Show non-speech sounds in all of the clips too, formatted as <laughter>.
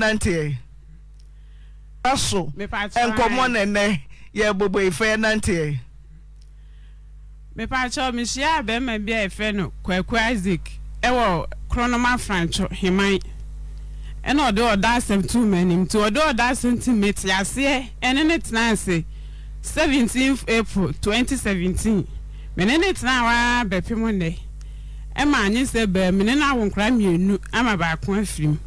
nanteɛ ɛso nkɔmɔ nɛnɛ yɛ boboifoɔ nante nanteɛ. mepakyɛw mehyia bɛrima bi a yɛfrɛ no kwaku isaac ɛwɔ kronoma frantwo heman ɛna ɔde ɔda asɛm to mu anim nti ɔde ɔda asɛm ti mete aseɛ ɛne ne tena ase seventeen april twenty seventeen mene ne tena waa bɛpem nnɛ ɛma anyi sɛ bɛɛ mene na awonkora mmienu ama baako afirim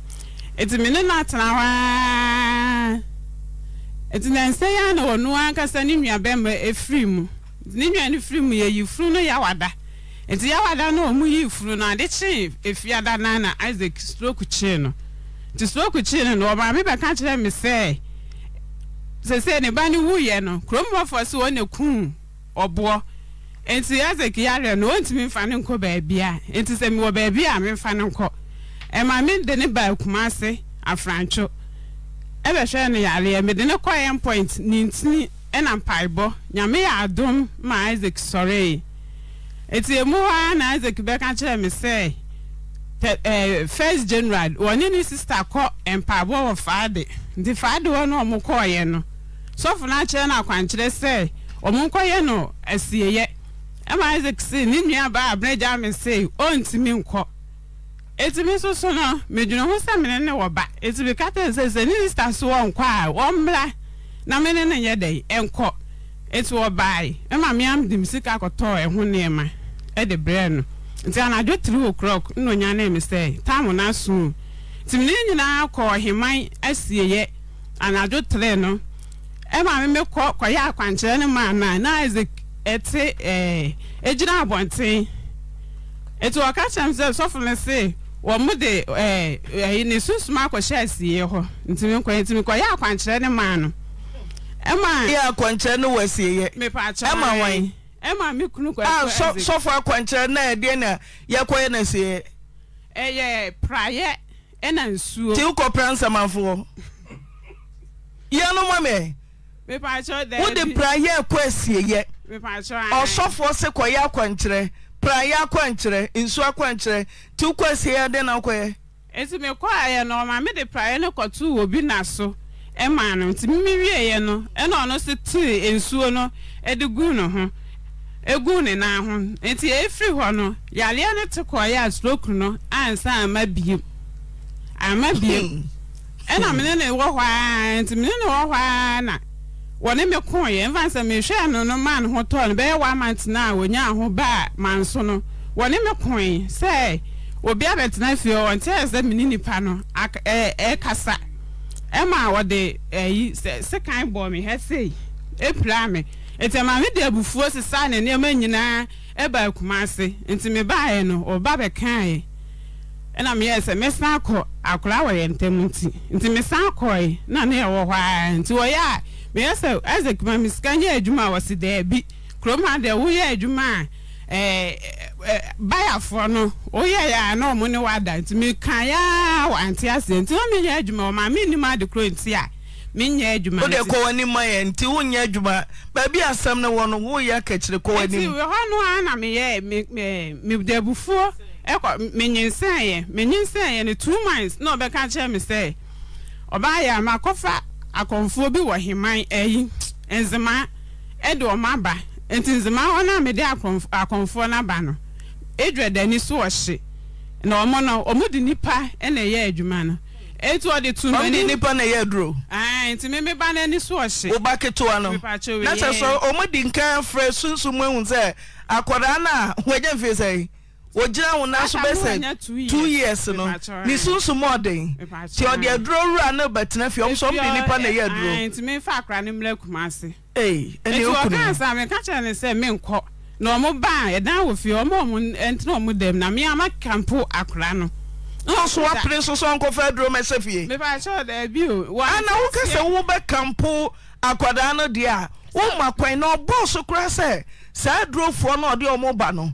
eti mi ne n'atena hɔ aa na nsa ya na ɔno ankasa ne nua bɛrima efiri mu ne nua no firi mu yɛ yi funu no yawada eti yawada no ɔmo yi funu no ade kye efiada nan na isaac stroke kye no ti stroke kye no na ɔbaa mi bɛka kyerɛ mi sɛ sese ne ba ne wuyɛ no kuromɔfoɔ so wɔn na kun ɔboɔ nti isaac yare no wɔntumi nfa ne nkɔ baabi a nti sɛ mi wɔ baabi a mi nfa ne maame de ne baa akuma ase afrantwo ɛbɛhwɛ no yareɛ mede ne kɔ yɛn point ne ntini ɛna mpaebɔ nyame yɛ adom ma isaac sɔree eti emu hɔ a na isaac bɛka kyerɛ me sɛ ɛɛ first general wɔne ne sista kɔ mpaebɔ wɔ faade nti faade hɔ no wɔn kɔɔyɛ no sɔfo no akyerɛ no akwankyerɛ sɛ wɔn nkɔyɛ no asieyɛ ɛma isaac si ne nua baa abiragya me se ɔntumi nkɔ. etimi nso so no medwina ho sɛ mene ne wɔba etimi kata sɛ sɛ minista so ɔnkɔ a ɔmmra na mene ne yɛ dɛ ɛnkɔ eti ɔbaae ɛma mmea de m sika akɔtɔ ɛho nneɛma ɛde brɛ no nti anadwo tiri o'clock nna onya ne mi sɛ taamu n'aso timi ne nyinaa kɔ ɔheman asieyɛ anadwo tiri no ɛma mi mi kɔ kɔyɛ akwankyerɛ ne maa nan na ɛdze ɛte ɛɛ abɔnten eti ɔka kyerɛ mi sɛ sɔfo mi sɛ. wɔn de ɛɛ ɛyi ne sunsun akɔhyɛ asieɛ hɔ ntumi nkɔ ntumi nkɔ yɛ akwankyerɛ ne maa no ɛma. yɛ akwankyerɛ ne wɔ asieɛ. mipa akyerɛ ɛma wɔn. ɛma mi kunu kɔ ɛkɔ ɛdze. a sɔfo akwankyerɛ na ɛdeɛ na yɛkɔ yɛ na asieɛ. ɛyɛ praeɛ ɛna nsuo. ti kɔ pra nsamanfoɔ. yɛnum mɛ. mipa akyerɛ dɛ bi. wode praeɛ ɛkɔ asieɛ. mipa akyerɛ pra yɛ akwankyerɛ nsu akwankyerɛ nti wokwasi ya de na wokɔyɛ nti mekɔa yɛ no ɔma mede praeɛ no kɔtoo wɔ bi na so ma no nti mimi wieɛ no ɛna ɔno so tee nsuo no de gu ne ho egu ne nan ho nti efiri hɔ no yaleɛ no te kɔɔyɛ a stroke no ansa ama biem ama biem hmm. ɛna mene ne wɔ hɔ aa nti mene ne wɔ hɔ aa na wɔne me kɔɔeɛ mfa sɛ mehwɛ ano no maa ne ho tɔɔ no bɛyɛ one month na a wɔnya ho baa manso no wɔne me kɔɔe sɛ obi abɛtena fie hɔ nkyɛ sɛ mene nipa no ɛkasa ɛma wɔde ayi sɛ sekan bɔ me hɛ sei ɛpira me nti maame de abufuo sesa ne nneɛma nyinaa ɛba akuma ase nti mebaeɛ no ɔba bɛkaeɛ ɛna meyɛ sɛ mesan akɔ akora wɔ yɛn ntam nti nti mesan akɔe na ne ɛwɔ hɔ ara nti wɔyɛ a meyɛ sɛ isaac ma mesika nyɛ adwuma a si daabi kurom ha deɛ woyɛ adwuma a bayafoɔ no woyɛ yɛ a na ɔmo ne wada nti meka yɛa wante aseɛ nti na menyɛ nti a menyɛ adwuma wode kɔ ma yɛ nti wonyɛ adwuma baabi asɛm hɔ no na ɛkɔ yɛ yɛ two months na ɔbɛka kyerɛ sɛ ɔbaa yɛ akɔnfoɔ bi wɔ heman ɛyi nzema ɛde wɔn aba nti nzema wɔn a mede akɔnfoɔ n'aba no edwa dani so ɔhye na wɔn no wɔn de nipa ɛna ɛyɛ adwuma no etu ɔde tu n'ani. ɔmo nipa na yɛ duro. ɛɛ nti mímí ba n'ani so ɔhyɛ. wo ba ketewa no n'akyɛ sɛ ɔmo di nkan fɛ sunsun mu ehun sɛ akwadaa na <laughs> wɔnyɛ nfeesɛ yi. ogyina wo naso bɛsɛ two years no ne sunsum ɔden ti ɔde aduro wura ne bɛtena fi ɔm sɛ ɔmde nipa na ɛyɛ aduro ntimi fa akora ne mmra kuma ase ɛne ɔka sa meka kyerɛ ne sɛ na ɔmo baa ɛdan wɔ fie ɔmo ɔmo ntena ɔmo dɛm na mea makampo akora no nso wapere nso sɛ aduro ma ɛsɛ fie ana woka sɛ wobɛkampo akwadaa no deɛ a woma kwan na ɔbɔɔ so koraa sɛ saa adurofoɔ no ɔde ɔmo ba no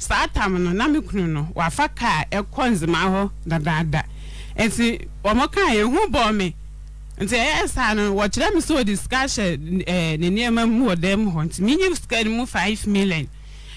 saa tam no na me kunu no wafa kaa ɛkɔ nzema hɔ dadaada nti wɔn kaa yɛn ho bɔ me nti ɛyɛ saa no wɔkyerɛ me sɛ ɔde sika hyɛ ɛɛ ne nneɛma mu wɔ dan mu hɔ nti mi yi sika no mu five million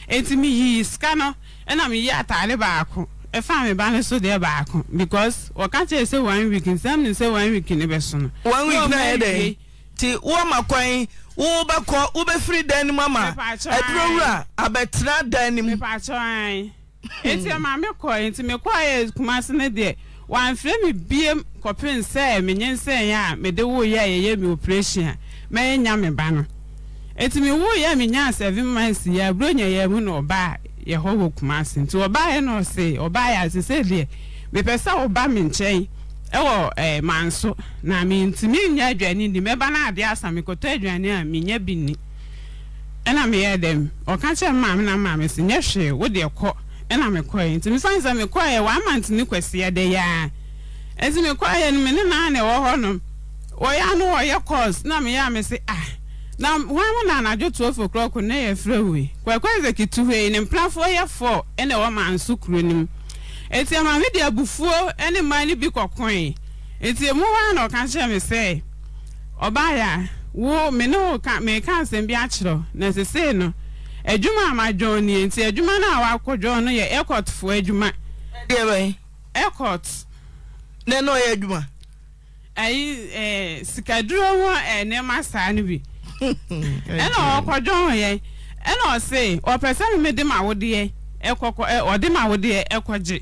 nti mi yi sika no ɛna mi yi ataare baako ɛfa mi ba ne so deɛ baako because wɔka kyerɛ sɛ one week nsɛm ne sɛ one week ne bɛ so no. one week na yɛ dɛ nti wɔn ma kwan wobɛkɔ wobɛfiri dan no mu ama ɛduro wura abɛtena dan no mu hmm. nti ma mekɔ nti mekɔɛ kumase no deɛ wamfrɛ me biem kɔpen sɛ menye nsɛnyɛ a mede woyɛ a yɛyɛ me operation a mɛyɛ nya me ba no nti mewoyɛ menyaa seven months yi a buronyɛ yɛ mu na ɔbaa yɛhɔ wɔ kumase nti ɔbaeɛ na ɔse ɔbaeɛ ase sɛ deɛ mepɛ sɛ woba me nkyɛn ɛwɔ ɛɛ eh, manso na ntumi nya aduane ni mɛba na ade asa mekɔtɔ aduane a minya bi ni ɛna meyɛ dɛm ɔka kyerɛ maame na maame si nyɛ hwee wodeɛ kɔ ɛna mekɔɛ nti mesan sɛ mekɔɛ wɔn amante ne kwasiɛ de yaa ɛti mekɔɛ no me ne naa na ɛwɔ hɔ n'o, wɔyɛ ano wɔyɛ kɔɔs na meyɛ a mesi ah na wɔn mo na anadwo two four clock ne yɛ fira wei kwakwa ezekiti ne mplafoɔ yɛ four ɛna ɛwɔ manso kuro ne mu. eti maame de abufuo ne mmaa no bi kɔkoe eti emu hɔ a na ɔka kyerɛ me sɛ ɔbaaya wo me ne wo ka meka nsɛm bi akyerɛ na sesei no adwuma a madwɔn nie nti adwuma no a wakɔdwɔn no yɛ airport fo adwuma. ɛdeɛ bɛyɛ. airport. ne na ɔyɛ adwuma. ayi ɛɛ eh, sikaduro ho ɛɛ eh, nneɛma saa no bi <laughs> ɛna ɔkɔdwɔn yɛ ɛna ɔse ɔpɛ sɛ mi de ma awodeɛ ɛkɔkɔ ɛ eh, ɔde ma awodeɛ ɛkɔgye.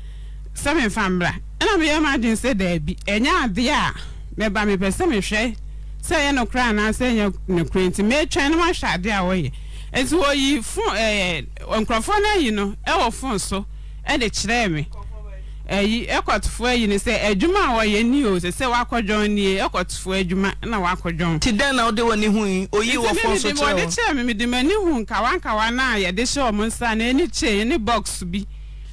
sɛ memfa mmra ɛna meyɛ ma adwen sɛ daabi ɛnyɛ adeɛ a mɛba mepɛ sɛ mehwɛ sɛ ɛyɛ nokora anaasɛ ɛnyɛ nokora nti metwɛn no mahwɛ adeɛ a wɔyɛ nti wɔyi fon ɛɛ nkurɔfoɔ no ayi no ɛwɔ fon so ɛde kyerɛɛ me ɛyi ɛkɔtofoɔ ayi no sɛ adwuma a wɔyɛ ni o sɛ sɛ wakɔdwɔn nie ɛkɔtofoɔ adwuma na wakɔdwɔn. ti dɛn na ɔde wɔ ne ho yi oyi wɔ fɔn so kyerɛ wɔ. nti mi de mi wɔde kyerɛ mi mi de mi ani hu nkawankawa na yɛde hyɛ wɔn nsa na ani kyee ne box bi.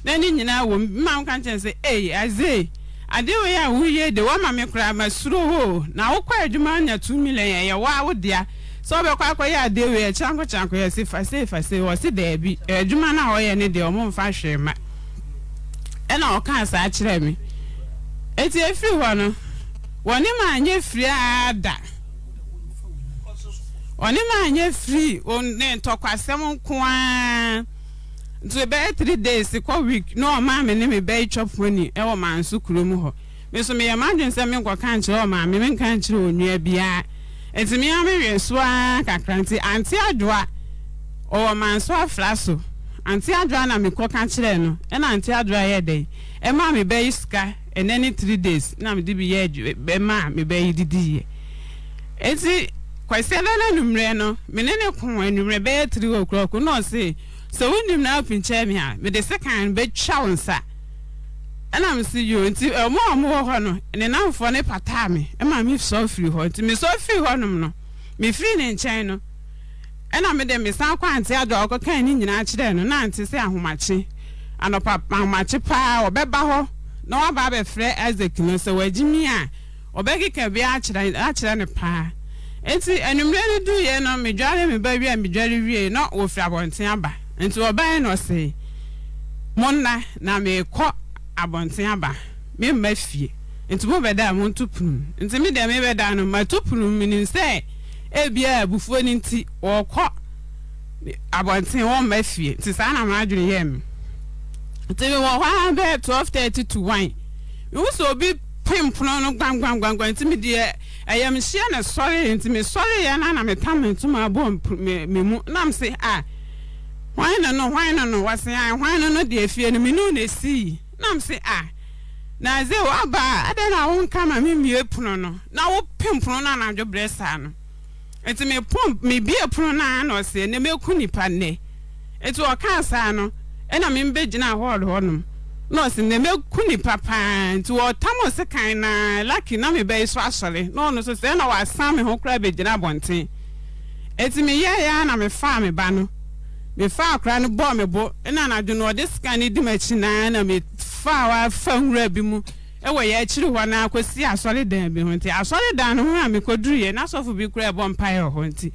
na ne nyinaa wɔ mu mma nka nkyɛn sɛ ee aze adewe a woyɛ de wama me ma ho na wokɔ adwuma anya two million ɛyɛ wa wodea sɛ wobɛkɔ akɔyɛ adewe ɛkyanko kyanko yɛ se fase fase wɔ se daabi adwuma no a wɔyɛ ne deɛ ɔmo mfa hwee ma ɛna ɔkaa saa kyerɛ me efiri hɔ no wɔne anyɛ firi wɔne anyɛ firi ne ntɔkwasɛm nkoaa. nti bɛyɛ three days kɔ week na ɔmaa mi ne mi bɛyɛ twɛponi ɛwɔ maa nso kurom hɔ nso mi yɛ maa dwen sɛ mi nkɔ ka nkyerɛ onua biara nti mi ama yɛ soa kakra nti ante adoa ɔwɔ maa afra so ante adoa na mi kɔ ka kyerɛ no ɛna ante adoa yɛ dɛ ɛmaa mi bɛyɛ sika ɛnɛ ne three days na mi de bi yɛ adwi ɛmaa mi bɛyɛ didi yɛ eti kwasi ɛdɛ na nummerɛ no mi ne ne ko enummerɛ bɛyɛ three o'clock na ɔsi. sɛ wonim na apinkyɛn mi a mede sekan bɛtwa wo nsa ɛna m si yoo nti ɛmo a mowɔ hɔ no ne namfoɔ ne pataa me ɛma me sɔ firi hɔ nti mesɔ firi hɔ no mefiri ne nkyɛn no ɛna mede mesan kɔ ante ado a ɔkɔkaa ne nyinaa kyerɛɛ no na ante sɛ ahomakye anɔpa ahomakye paa ɔbɛba hɔ na waba abɛfrɛ isaac no sɛ wagye mi a ɔbɛkeka bi akyerɛ akyerɛ ne paa nti anwummerɛ no duiɛ no medware me ba wie a medware wie na wɔfiri abɔnten aba nti ɔbaa na ɔsɛ mo nna na meekɔ abɔnten aba memma fie nti mo bɛda a mo nto punu nti mi deɛ mi bɛda no ma to punu mi ni sɛ ebia abufuo ne nti wɔkɔ abɔnten wɔn mma fie nti saa na mo adwene yɛ mi nti mi wɔ hɔ a bɛyɛ twelve thirty to one nwusu obi pin pono no gbangbangbangbang nti mi deɛ ɛyɛ mi hyia na sɔre nti mi sɔre yɛ na na mi tam ntoma abɔ mi mu nam si a. Ah, hwan na no hwan na no wɔse a hwan na no de afie no menu na esii na m se a na ze waba ada na wo nka ma me mmie pono no na wo pem pono na anadwo brɛ saa no nti me pom me bie pono no na ɔse na meku nipa nnɛ nti ɔka saa no ɛna me mbɛgyina hɔɔl hɔnom na ɔse na meku nipa paa nti wɔtam ɔse kan na Lucky na me bɛyi so asɔre na ɔno so sɛ na wasan me ho koraa bɛgyina abɔnten nti meyɛɛ yɛ ya na fa me ba no mefa akora no bɔɔ me bo na anadwo no ɔde sika no di m'akyi naa na mefa a wafa nwura bi mu wɔ yɛ akyiri hɔ no akɔsi asɔredan bi ho nti asɔredan no ho a na n'asɔfo bi kora ɛbɔ mpaeɛ hɔ nti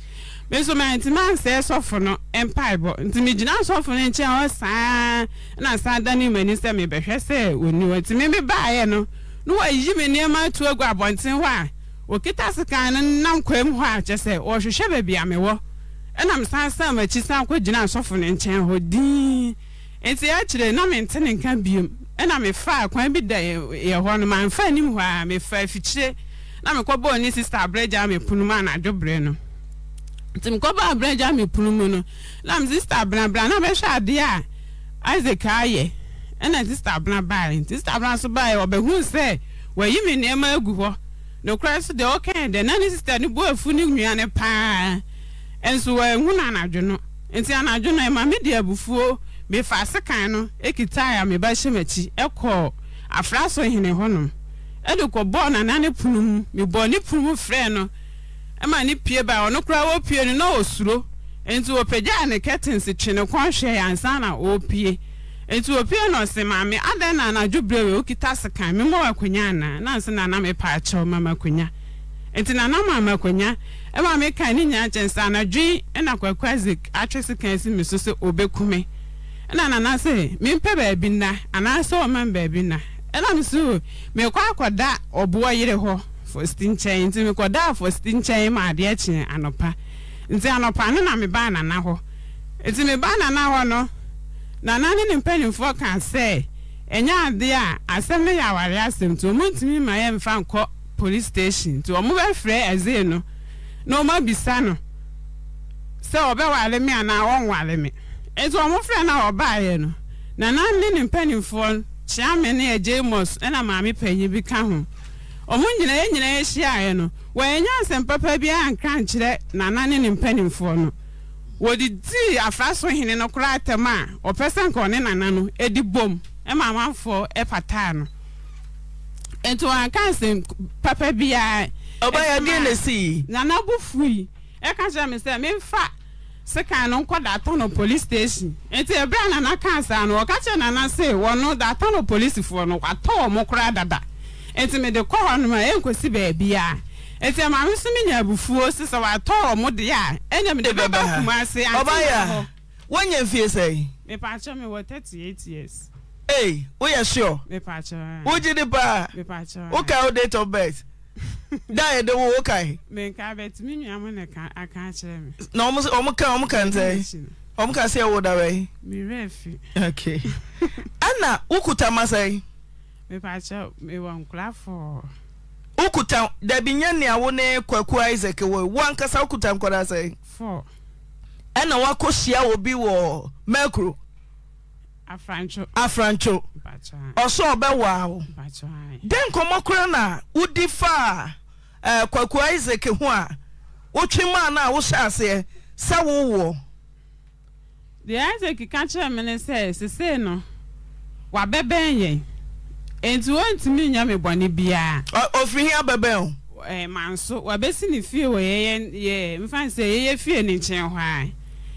me nso mantimi ansɛe sɔfo no mpaebɔ nti megyina sɔfo no nkyɛn hɔ saa na saa dane m'ani sɛ mebɛhwɛ sɛ ɔni hɔ nti meme baeɛ no na wɔayi me nneɛma atu agu abɔnten hɔ a wɔkita sika no nam kwam hɔ a kyɛ sɛ baabi a mewɔ ɛna mesan san m'akyi san kɔ gyina asɔfo ne nkyɛn hɔ dinn nti akyerɛ na mente ne nka biom ɛna mefa kwan bi da yɛ hɔ no mamfa anim hɔ a mefa afikyire na mekɔbɔɔ ne sista abrɛgya me pono mu anadwo berɛ no nti mekɔbɔɔ abrɛgya me pono mu no na me sister abenabena na bɛhwɛ adeɛ a isaac ayɛ ɛna sister abena baeɛ nti sister abena nso baeɛ ɔbɛhunu sɛ wɔayi me nneɛma agu hɔ nokorɛ so deɛ ɔkɛn dɛ na ne sister no bu afu ne nua no paa nso ɛhu eh, na anadwo no nti anadwo no ɛma eh, me de abufuo mefa ase kan no ekita a meba hyɛ m'akyi ɛkɔ afraso hene hɔnom ɛde kɔ bɔɔ nana ne pono mu mebɔ ne pono mu frɛ no ɛma ne pie ba ɔno koraa wɔpie no na ɔsuro nti wɔpagyaa ne curtains twe ne kɔn na ɔpie nti opie na ɔsɛ maame adan na anadwo berɛ wei okita sekan memɔ akonya anaa nanso na anam epa akyɛw mama akonya nti na nam ama akwanya ɛma mi kan ne nyinaa kyɛn sɛ anadwi ɛna kwakwazi atwe si kan si mi so sɛ obekume ɛna nana sɛ mi mpɛ baabi na anaasɛ ɔma baabi na ɛna mi so mi kɔ akɔda ɔboɔ yiri hɔ fɔsti nkyɛn nti mi kɔda fɔsti nkyɛn ma adeɛ kyɛn anopa nti anɔpa no na mi ba nana hɔ nti mi ba nana hɔ no nana ne ne mpanimfoɔ kan sɛ ɛnyɛ adeɛ a asɛm no yɛ aware asɛm nti ɔmo ntumi ma yɛ mfa nkɔ police station nti wɔn bɛfrɛ ɛzee no na wɔn abisa no sɛ ɔbɛwale me anaa wɔnwale me nti wɔn frɛ na ɔbaeɛ no nana ne ne mpanimfoɔ kyeame ne ɛgye mos ɛna maame panyin bi ka ho wɔn nyinaa nyinaa ahyiaeɛ no wɔanya nsɛm papa bi ankra nkyerɛ nana ne ne mpanimfoɔ no wɔde dii afraso hene no koraa atɛm a ɔpɛ sɛ nka ɔne nana no ɛdi bom ɛma amanfoɔ ɛpataa no nti wọn aka nsị papa biara. ọba ya die na si. na n'abufu yi ɛka kyerɛ mi sɛ mi nfa sikan no nkɔ datɔ no police station nti ebere a nana anọ, asa no ɔka kyerɛ nana se wɔn datɔ no polisifoɔ no watɔ ọmụ koraa dada nti mi de kɔ hɔ nom e enkosi beebi a nti maame so mi nya abufuo sisan watɔ wɔn deɛ a ɛnyɛ mi de bɛba kumase anti wɔn hɔ. ɔba ya wɔnyɛ fie sɛ. mipa akyɛ mi wɔ thirty eight years. Hey, are sure? Wogye ne paa? ụka wo date of birth? da yɛ ụka wo wo kae? Menka na ọmụka aka akyerɛ me. Na ɔmo ɔmo ka ɔmo ka ntɛ. Ɔmo ka sɛ ɛwɔ da bɛyi. Mewura fi. Okay. Ana wokuta masa yi. Mepakyɛ nye nea wo ne Kwaku Isaac wɔ wo ankasa wokuta nkɔda sɛ. Four. Ɛna wakɔ obi wɔ Merkuro. afrancho ọsọ ọbẹ wo dɛn nkɔmmɔ kora na wodi faa kwaku isak hụ a wotwe ime na a wohyɛ aseɛ sɛ wowoɔ deɛ isak ka kyerɛ me ne sɛ sesei no etu yɛn enti wɔntumi nya me bɔne biara ɔfiri o manso wabɛsi ne fie wɔ yɛyɛ mfa sɛ yɛyɛ fie ne nkyɛn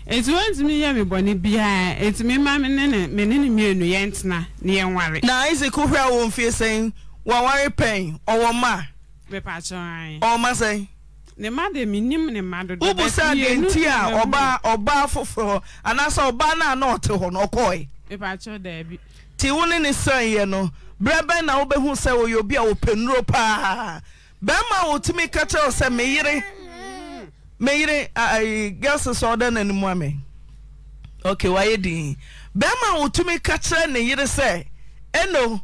etu ntumi yɛ mi bɔ ne biara etumi ma mi ne ne mi ne ne mienu yɛn tena ne yɛn nware. na isaac hwɛ wɔn fie sɛn wɔn ware pɛn ɔwɔ mma. mepa akyɛn. ɔma sɛn. ne mma de mi nim ne mma dodo. wobu sɛ adi nti a ɔbaa ɔbaa foforɔ anaasɛ ɔbaa naa na ɔte hɔ no ɔkɔɛ. mepa akyɛn dɛbi. ti wo ne ne sɛn yɛ no brɛ bɛn na wobɛhu sɛ oyɛ obi a ɔpɛ nnuro paa bɛrima a otumi kacha sɛ meyere. meyere gɛse sɛ ɔda no anim ame ok wayɛ din bɛrima a wotumi ka ne yere sɛ ɛno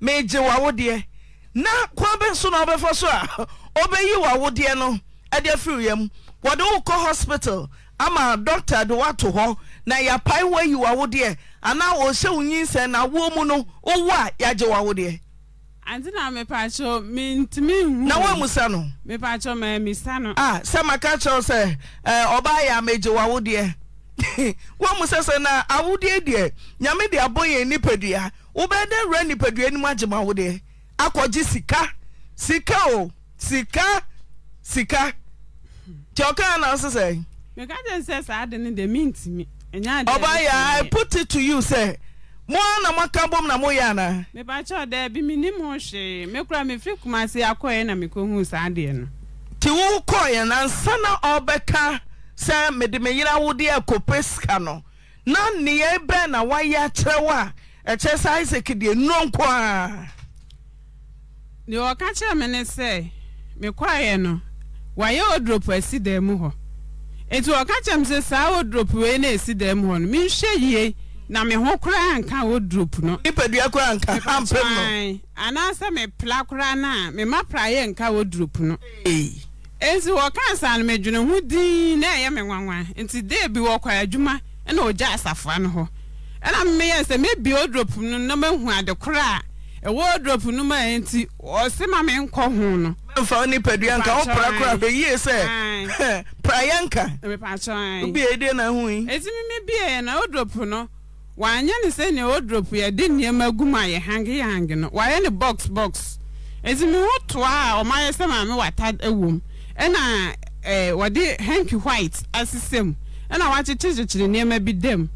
megye w'awodeɛ na kwa bɛ so na ɔbɛfa so a ɔbɛyi <laughs> w'awodeɛ no ɛde afiri yam wɔde wo hospital ama dɔkta de woato hɔ na yɛapae woayi Ana anaa wɔhyɛ wo nyinsɛn na wo mu no wowu a yɛagye w'awodeɛ anti na mint mentumi hu na woamu sa no mepatwo maamisa no ah sɛ maka kyerɛw sɛ ɔbaa eh, yɛ amagye w'awodeɛ <laughs> woamu sɛ sɛ na awodeɛ deɛ nyame de abɔ ya, nipadua wobɛyɛ dɛ wura nipadua no mu agye sịka, sịka akɔgye sika sika o sika sika nti ɔkaa na ɔse sɛ meka sɛ saa de no deɛ mentumi ɔbaa yɛ i put it to you sɛ mo na moaka bom na ya moyɛ anaa mebakyɛw daa bi mennim ho hwee me kora mefiri kumase akɔeɛ na mekɔhuu saa deɛ no nti wokɔeɛ nansa na ɔbɛka sɛ mede me yera wode akɔpɛ sika nọ na nneɛ bɛn na woayɛ akyerɛ wo a ɛkyerɛ sɛ isak deɛ nnuro nko a deɛ wɔka kyerɛ me ne sɛ mekɔeɛ no wayɛ odropo asi daa mu hɔ enti wɔka kyerɛ me sɛ saa odropo wei na ɛsi daa mu hɔ no menhwɛ yie na me ho koraa nka wodrop no nipadua koraa nka ampem no anaasɛ mepla koraa no a mema praeɛ nka wodrop no ɛnti wɔka sa no medwene ho din na ɛyɛ me nwanwa nti dee bi wɔkɔ adwuma na ɔgya asafoa no hɔ ɛna mmeyɛ sɛ mebi wodrop no na mahu ade koraa a ɛwɔ wodrop no ma ɛ nti ɔse ma menkɔ ho no mfa wo nipadua nka wopra kora hwɛyie sɛ <laughs> praeɛ nka mepakyɛ obi ɛdie na ho yi ɛti memebieɛ na wodrop no wanyɛ ne sɛ nea wardrobe yɛde nneɛma ye mu a yɛhangeyange no wayɛ ne box box ɛti me ho toa a ɔmayɛ sɛ maame wata wom ɛna ɛɛ eh, wɔde hanky white asesɛ mu ɛna wakyekyerekyekyere nneɛma bi dam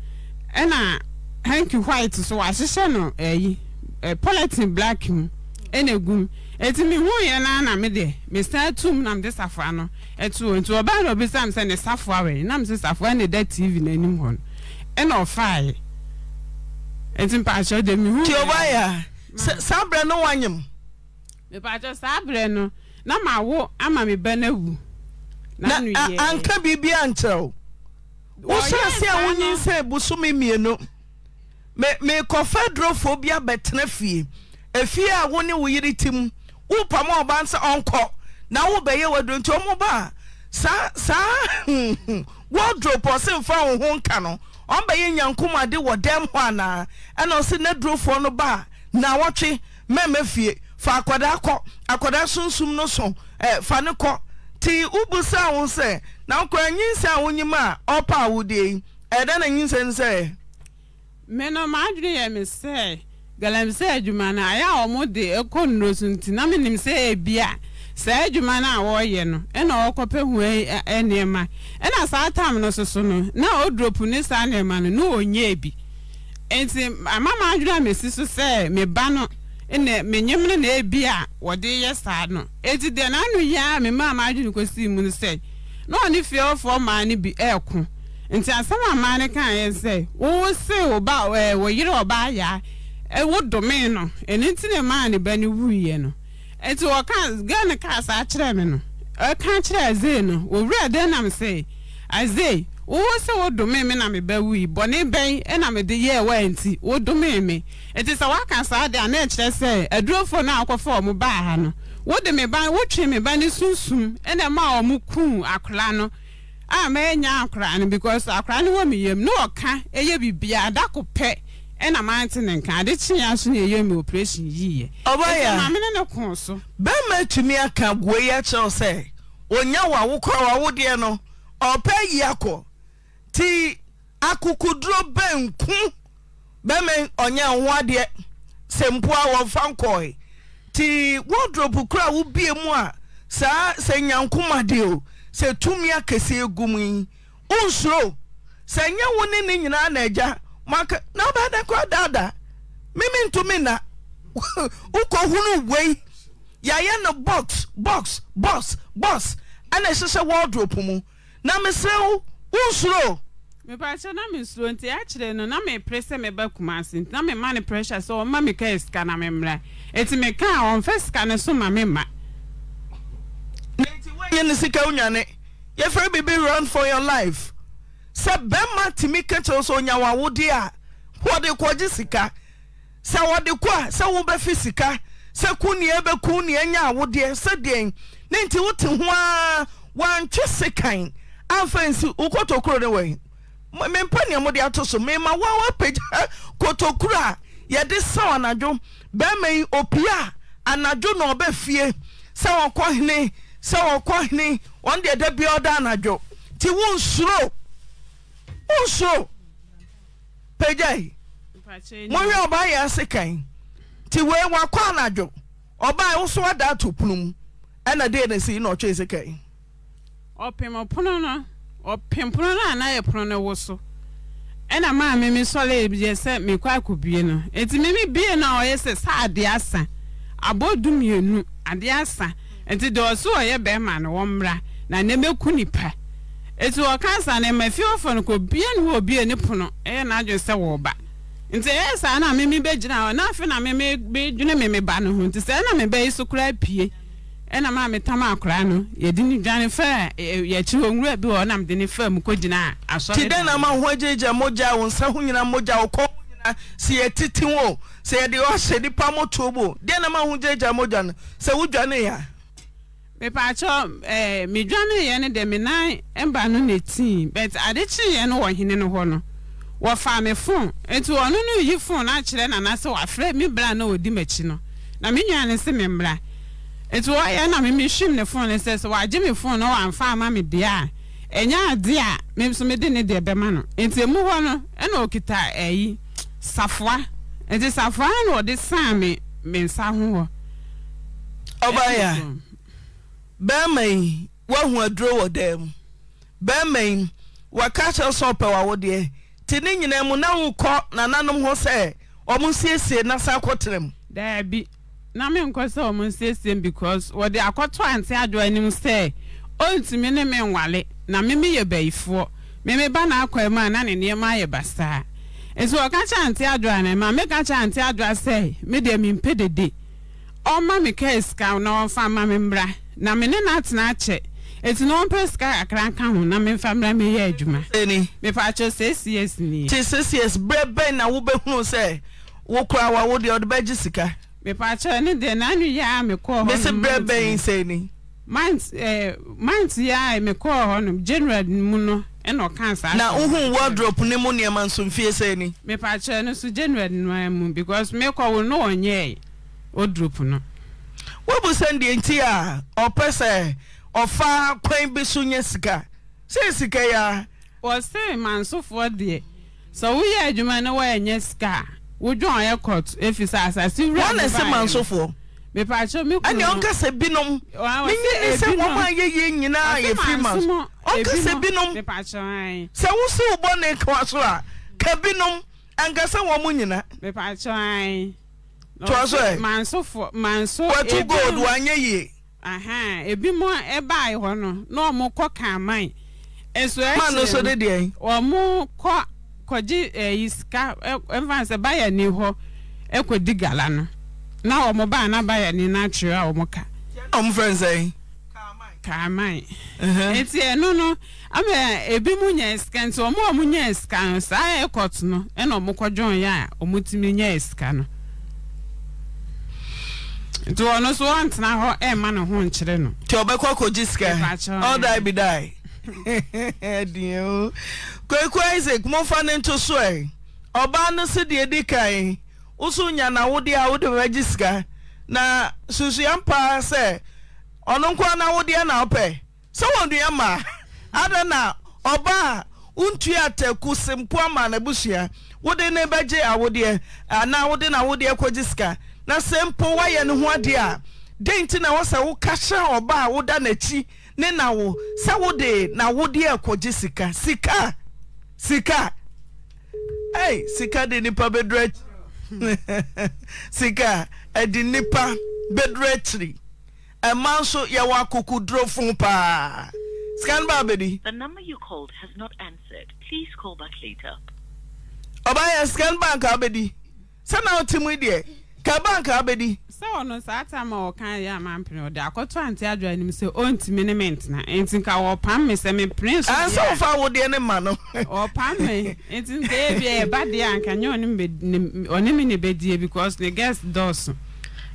ɛna hanky white so wahyehyɛ no ɛyi ɛ eh, polythene black mu ɛna egu mu ɛti me ho yɛ na na me deɛ me san tum na me de safoa no ɛto wɔn nti ɔbaa na obi sam sɛ ne safoa wɛ nam sɛ safoa na ɛda tv n'anim hɔ no ɛna ɔfaa yɛ. nti mpatsɔ de mi hu. kí o bá yà saa abirɛ no wa nyim. mipatsɔ saa abirɛ no na ma wo ama mi bɛ na wu. na anka biribi ankyerɛw wohyɛ ase a wonyin sɛ bosomi mmienu mekɔfa durofo bi abɛtena fie efie a wo ne wo yiri ti mu wopam a ɔba nsa ɔnkɔ na wobɛyɛ waduro nti ɔmo ba saa saa <laughs> wardrobe ɔsɛnfa wo ho nka no. ɔmbɛyɛ nyankom ade wɔ dɛm hɔ anaa ɛna ɔse na durofoɔ no ba na nawɔtwe mama fie fa akwadaa kọ akwadaa sunsum no so fa ne kɔ nti wobu saa ahụ sɛ na nkwa wokora nyinsɛ a wonyim a ɔpa wode yi ɛdɛ na nyinsɛ nsị nsị. meno maadwene yɛ me sɛ galamsɛ adwuma no ayɛ a ɔmo de ɛkɔ nnuro so nti na menim sɛ ebia saa adwuma no a wɔreyɛ no ɛna ɔkɔpɛ hu e, e, e, nneɛma ɛna saa tam no soso no na ɔdurop ne saa nneɛma no na ɔnyɛ bi nti ama ma adwene a mesi so sɛ me ba no ɛna menyem no na ebi a wɔde yɛ saa no eti deɛ n'ano yɛ a me ma ama adwene kɔsi mu no sɛ na ɔne fiefoɔ maa no bi ɛɛko nti asɛm amaa no kaa yɛ sɛ wɔwɔ se ɔba ɛɛ wɔyere ɔbaa yaa ɛwɔ dome no ɛne ti na maa ne ba no wuyɛ no. nti wɔka ghana kaa saa kyerɛ me no ɛka kyerɛ azee no wɔwura dɛn nam sɛ azee wowɔ sɛ wodome me na mebɛwu yi bɔne bɛn ɛna mede yɛɛ wɔa nti wodome me nti sɛ woaka saa de ana ɛkyerɛ sɛ adurofoɔ no a wokɔfa ɔmo baa ha no wode me ba wotwe me ba ne sunsum ɛna ma ɔmo kuu akora no a mɛnya akora no because akora no wɔ me yam ne ɔka ɛyɛ bibia adako pɛ ɛna mante ne nka ade kye ya so na ɛyɛ mi operation yie. ɔbɛya maame ne ne kun so. bɛrima atumi aka wei yi akyerɛw sɛ onya wɔ awokora wɔ awodeɛ no ɔpɛ yi akɔ ti akokoduro benku bɛrima ɔnya ho adeɛ sɛmpoa wɔnfa nkɔɛ ti wardrobe kora wobie mu a saa sɛ nyankomadeɛ o sɛ tumi akɛseɛ gu mu yi nsuro sɛ nya wo ne ne nyinaa na agya nabada kora daada meme ntomi na wokohu no wei yaayɛ no box box box box ana ɛhe sɛ waldoropo mu na mesrɛ wo wo nsuro meakyeɛ na mensuro nti aakyerɛ no na mepere sɛ meba kuma asenti na memma ne pressure sɛ ɔma mekaɛ sika na memmra ɛti mekaa ɔmfɛ sika no so ma memankawɛ bb r f sɛ bɛrima tumi ka kyerɛ a wɔde kɔgye sika sɛ wɔde kɔ a sɛ wobɛfi sika sɛ ko nea bɛku nea nya awodeɛ sɛdeɛn ne nti ho nsi kotokuro ne ato so <laughs> kotokuro a yɛde saw anadwo bɛrima yi opia anadwo na ɔbɛ fie sɛ wɔkɔ hene sɛ wɔkɔ hene wɔn deɛ ɔda anadwo nso pagyae monwe ɔbaa yɛ ase kan nti wei wakɔ anadwo ɔbaa wo so wada ato pono mu ɛna deɛ na sii na ɔtwe se kan ɔpem pono no ɔpem pono no anayɛ pono no wo so ɛna maa mi mi sɔle ebien sɛ mekɔ akɔbie no eti mi mi bie na ɔyɛ sɛ saa ade asa abɔ du mmienu ade asa nti deɛ ɔso ɔyɛ bɛrima no wɔn mmra na ne meku nipa etu ọkasa na mmefi ọfọ no ko bie no wọ bie ne pono ɛyɛ n'adwene sɛ wɔreba nti ɛyɛ saa na mmemme bɛgyina hɔ n'afe na mmemme bɛdwene mmemme ba ne ho nti sɛ ɛna mmemme yi so kura pie ɛna maame tam akora no yɛde ne dwane fɛ yɛkyi hɔ nwura bi wɔ nam de ne fɛ mu kɔgyina asɔre. ti dɛn na ma ho agyegya mogya wo nsa ho nyinaa mogya wo kɔ wo sɛ yɛde ɔhyɛ nipa moto bo dɛn na ma ho agyegya mogya no sɛ wodwane yɛ mepakyɛ eh, medwaneeɛ no deɛ me nan mba no ne tii but adekyeeɛ no wɔ hene no hɔ no wɔfa me fon nti ɔno no yi fon no akyerɛ nana sɛ wafrɛ me bra na ɔdi m'akyi no na me nua ne se me mmra nti wɔyɛ na me mehwim ne fon no sɛ sɛ wagye me fon no wamfa ama me deɛ a ɛnyɛ adeɛ a me nso mede ne deɛ bɛma no nti emu hɔ no ɛna ɔkita ɛyi eh, safoa nti safoa na ɔde saa me me nsa ho hɔ ɔbaa yɛ bɛrima yi woahu aduro wɔ daa mu bɛrima yi waka kyɛ sɛ ɔpɛ wawo ne nyinaa mu na wokɔ nananom ho sɛ ɔmo nsiesie na sa na sɛ nsiesie because wɔde akɔtɔ ante anim sɛ ne na yɛ na akɔ a na ne nneɛma ayɛ basaa nti ante ma ante na me ne n'atena akyɛ eti na ɔmpɛ sika kakra ho na me nfa mmira me yɛ adwuma. ɛni mefa akyɛ six ni yɛ. ti six years bɛn na wo bɛ hun sɛ wo kura wa wo deɛ ɔde bɛ gye sika. mefa akyɛ ne deɛ n'anu yɛ a me kɔɔ hɔ. bese bere bɛn sɛ ni. mant ɛɛ eh, mant yɛ a me kɔɔ hɔ no general mu no ɛna ɔka saa. na nhun wardrobe ne mu nneɛma nso nfie sɛ ni. mefa akyɛ no so general mu because mekɔ wo no ɔnyɛ wardrobe no wobu sɛ deɛ nti a ɔpɛ sɛ ɔfa kwan bi so nyɛ sika sɛ sika yi a. wɔse mansofoɔ deɛ sɛ woyɛ adwuma no wɔyɛ sika a wodwa ɔyɛ court ɛfiri sɛ asase wura wɔn sɛ mansofoɔ mepatwo me kunu ɛne ɔnkasa binom menye ne sɛ wɔn a yɛyɛ nyinaa yɛ firi manso ɔnkasa binom sɛ wosi wo bɔ ne kawa so a ka binom ankasa wɔn nyina mepatwo toa so ɛ watu gold wanyɛ yie ebi mu ɛbaa hɔ no na ɔmo kɔ kaaman nso ɛkyerɛ maa no so de deɛ ɔmo kɔ kɔgye ɛyi eh, sika ɛmfa sɛ baya ni hɔ ɛkɔ di gala no na ɔmo baa na ni a ɔmo ka. ɔmo fɛn sɛn. kaaman. eti ɛno no ama ebi mu nya sika nti ɔmo a ɔmo nya sika no saa ɛkɔt no ɛna ɔmo kɔ jɔn ya a ɔmo tumi nya sika no. nti ɔno so ɔntena hɔ ɛma ne ho nkyerɛ no nti ɔbɛkɔ akɔgye sika ɔdae bi dae deɛ o kwaku isaac momfa ne nto so ɛ ɔbaa no se deɛ di kan woso nya na a wode sika na na na wopɛ sɛ ma <laughs> na ɔbaa sempo ama wode ne bɛgye awodeɛ anaa wode na kɔgye sika na sɛ mpo woayɛ ne ho adeɛ a dɛn nti na wɔsɛ woka hyɛ ɔba a woda n'akyi ne na wo sɛ wode na wodeɛ akɔgye sika sika sika ei sika de nipa bɛduru akyiri <laughs> sika ɛde nipa bɛduru akyiri ɛma nso yɛwɔ akokodurofo paa sika no baa bɛdi ɔbaayɛ sika no baa nka wobɛdi sɛ na wote mu deɛ ka bank abɛdi sɛ ɔno saa tam a ɔka yɛ amapene ɔde akɔtɔ ante adwoa anim sɛ ɔntimi ne mentena enti nka wɔpam me sɛ mepene so ansɛ wofa wodeɛ ne ma no <laughs> ɔpam me enti sɛ ɛbia ɛba deɛ anka nyɛ ɔne me ne bɛdie because ne guest dɔɔso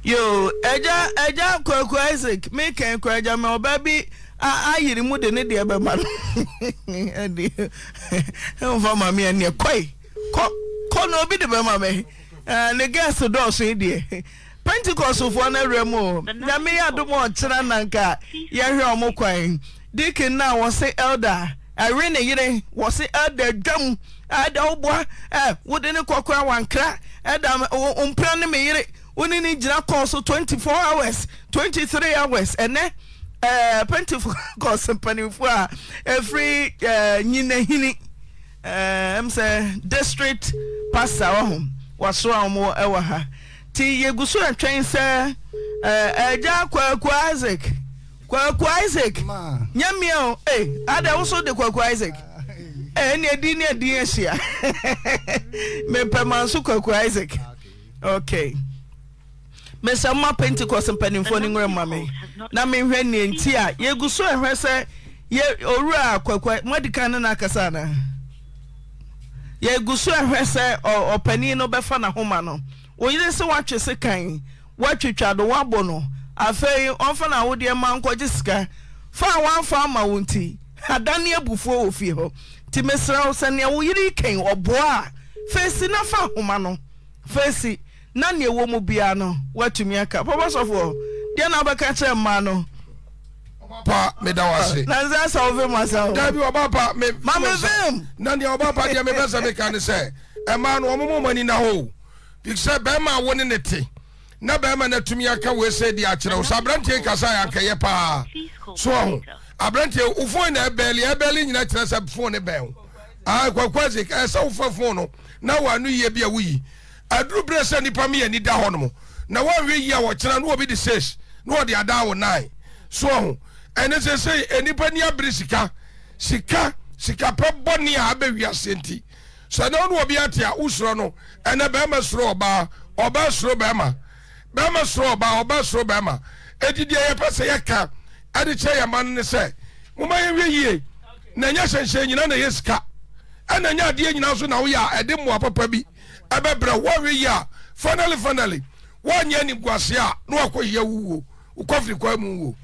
yo ẹja agya kwaku isaac mekɛn kɔ agya ma ọba bi ayere mu de ne deɛ bɛma no <laughs> ɛde <laughs> ɛmfa ma me aneɛ kɔe kɔ kɔ na obi de bɛma me Eh, ne gues dɔso ye deɛ <laughs> pentecustfoɔ no awer muo nameyɛado mɔɔkera nank yɛɛmka dekena w se elder wee ne yere w se elder gam dawoboa wode ne kɔkoa wnkra dɔmpa ne meyere wonene gyina kɔ so 24 hours 23 hours ɛnɛ pentecust <laughs> mpanimfoɔ a fr nyinaheni m sɛ district pasto ho wɔso a wɔn wɔ ha nti yɛgu so atwɛn sɛ agya kwaku isaac kwaku isaac nye mmea o ee ada woso de kwaku isaac ee ne edi ne edi ahyia <laughs> mepɛmanso kwaku isaac okay mesa mma pentecost mpanimfoɔ ne nwura mma na mehwɛ ne nti a yɛgu so ɛhwɛ sɛ yɛ owura kwaku mɔdi kan na akasa anaa. yɛagu so ahwɛ sɛ ɔpanin no bɛfa n'ahoma no ɔyere sɛ woatwe se kan do woabɔ no afei ɔmfa no awodeɛ ma nkɔgye sika fa a woamfa ama wo nti adanne abufuo wɔ fie hɔ nti mesrɛ wo sɛ nea ɔboa a fesi na ahoma no fesi na nea ɛwɔ mu biara no woatumi aka papa sɔfoɔ deɛ na wobɛka kyerɛ mmaa no pa mi da wa se. na nse asa ofe mu asa o. dabi ọba pa mi. maame fim. na ni ọba pa diẹ mi bẹ sẹ mi ka ni sẹ ẹ maa nu ọmọ mọ ni na o sẹ bẹẹma wo ni ne ti na bẹẹma na tumi aka wo ese di akyerɛ o sọ aberanteɛ kasa yà kẹyẹ paa so ọhún aberanteɛ o fone na ɛbɛɛli ɛbɛɛli nyina kyerɛ sɛ fone bɛn o aa kwakwasi ɛsɛ wofa fone no na wa anu yie bi a wuyi aduru bere sɛ nipa mi yɛ ni da hɔ nom na wɔn awie yi a wɔkyerɛ no wɔ bi di six na wɔde ada awo nine so ọhún. ɛne sɛ sɛ nipa ni abere sika sika sika pɛ bɔne a abɛwiase nti sɛ ne ɔne ɔbi ate a usoro no ɛnɛ bɛrima soro ɔbaa ɔbaa soro bɛrima bɛrima soro ɔbaa ɔbaa soro bɛrima ɛdidiɛ yɛpɛ sɛ yɛka ɛde kyɛ yɛ ma no ne sɛ moma yɛhwɛ yie na ɛnyɛ hyɛnhyɛn nyina na ɛyɛ sika ɛna ɛnyɛ adeɛ nyina so na woyɛ a ɛde mmoa papa bi ɛbɛbrɛ wɔhwɛ yie a finally finally wɔnyɛ animguaseɛ a na wakɔ yɛ wuwo wokɔfiri kwa mu wuo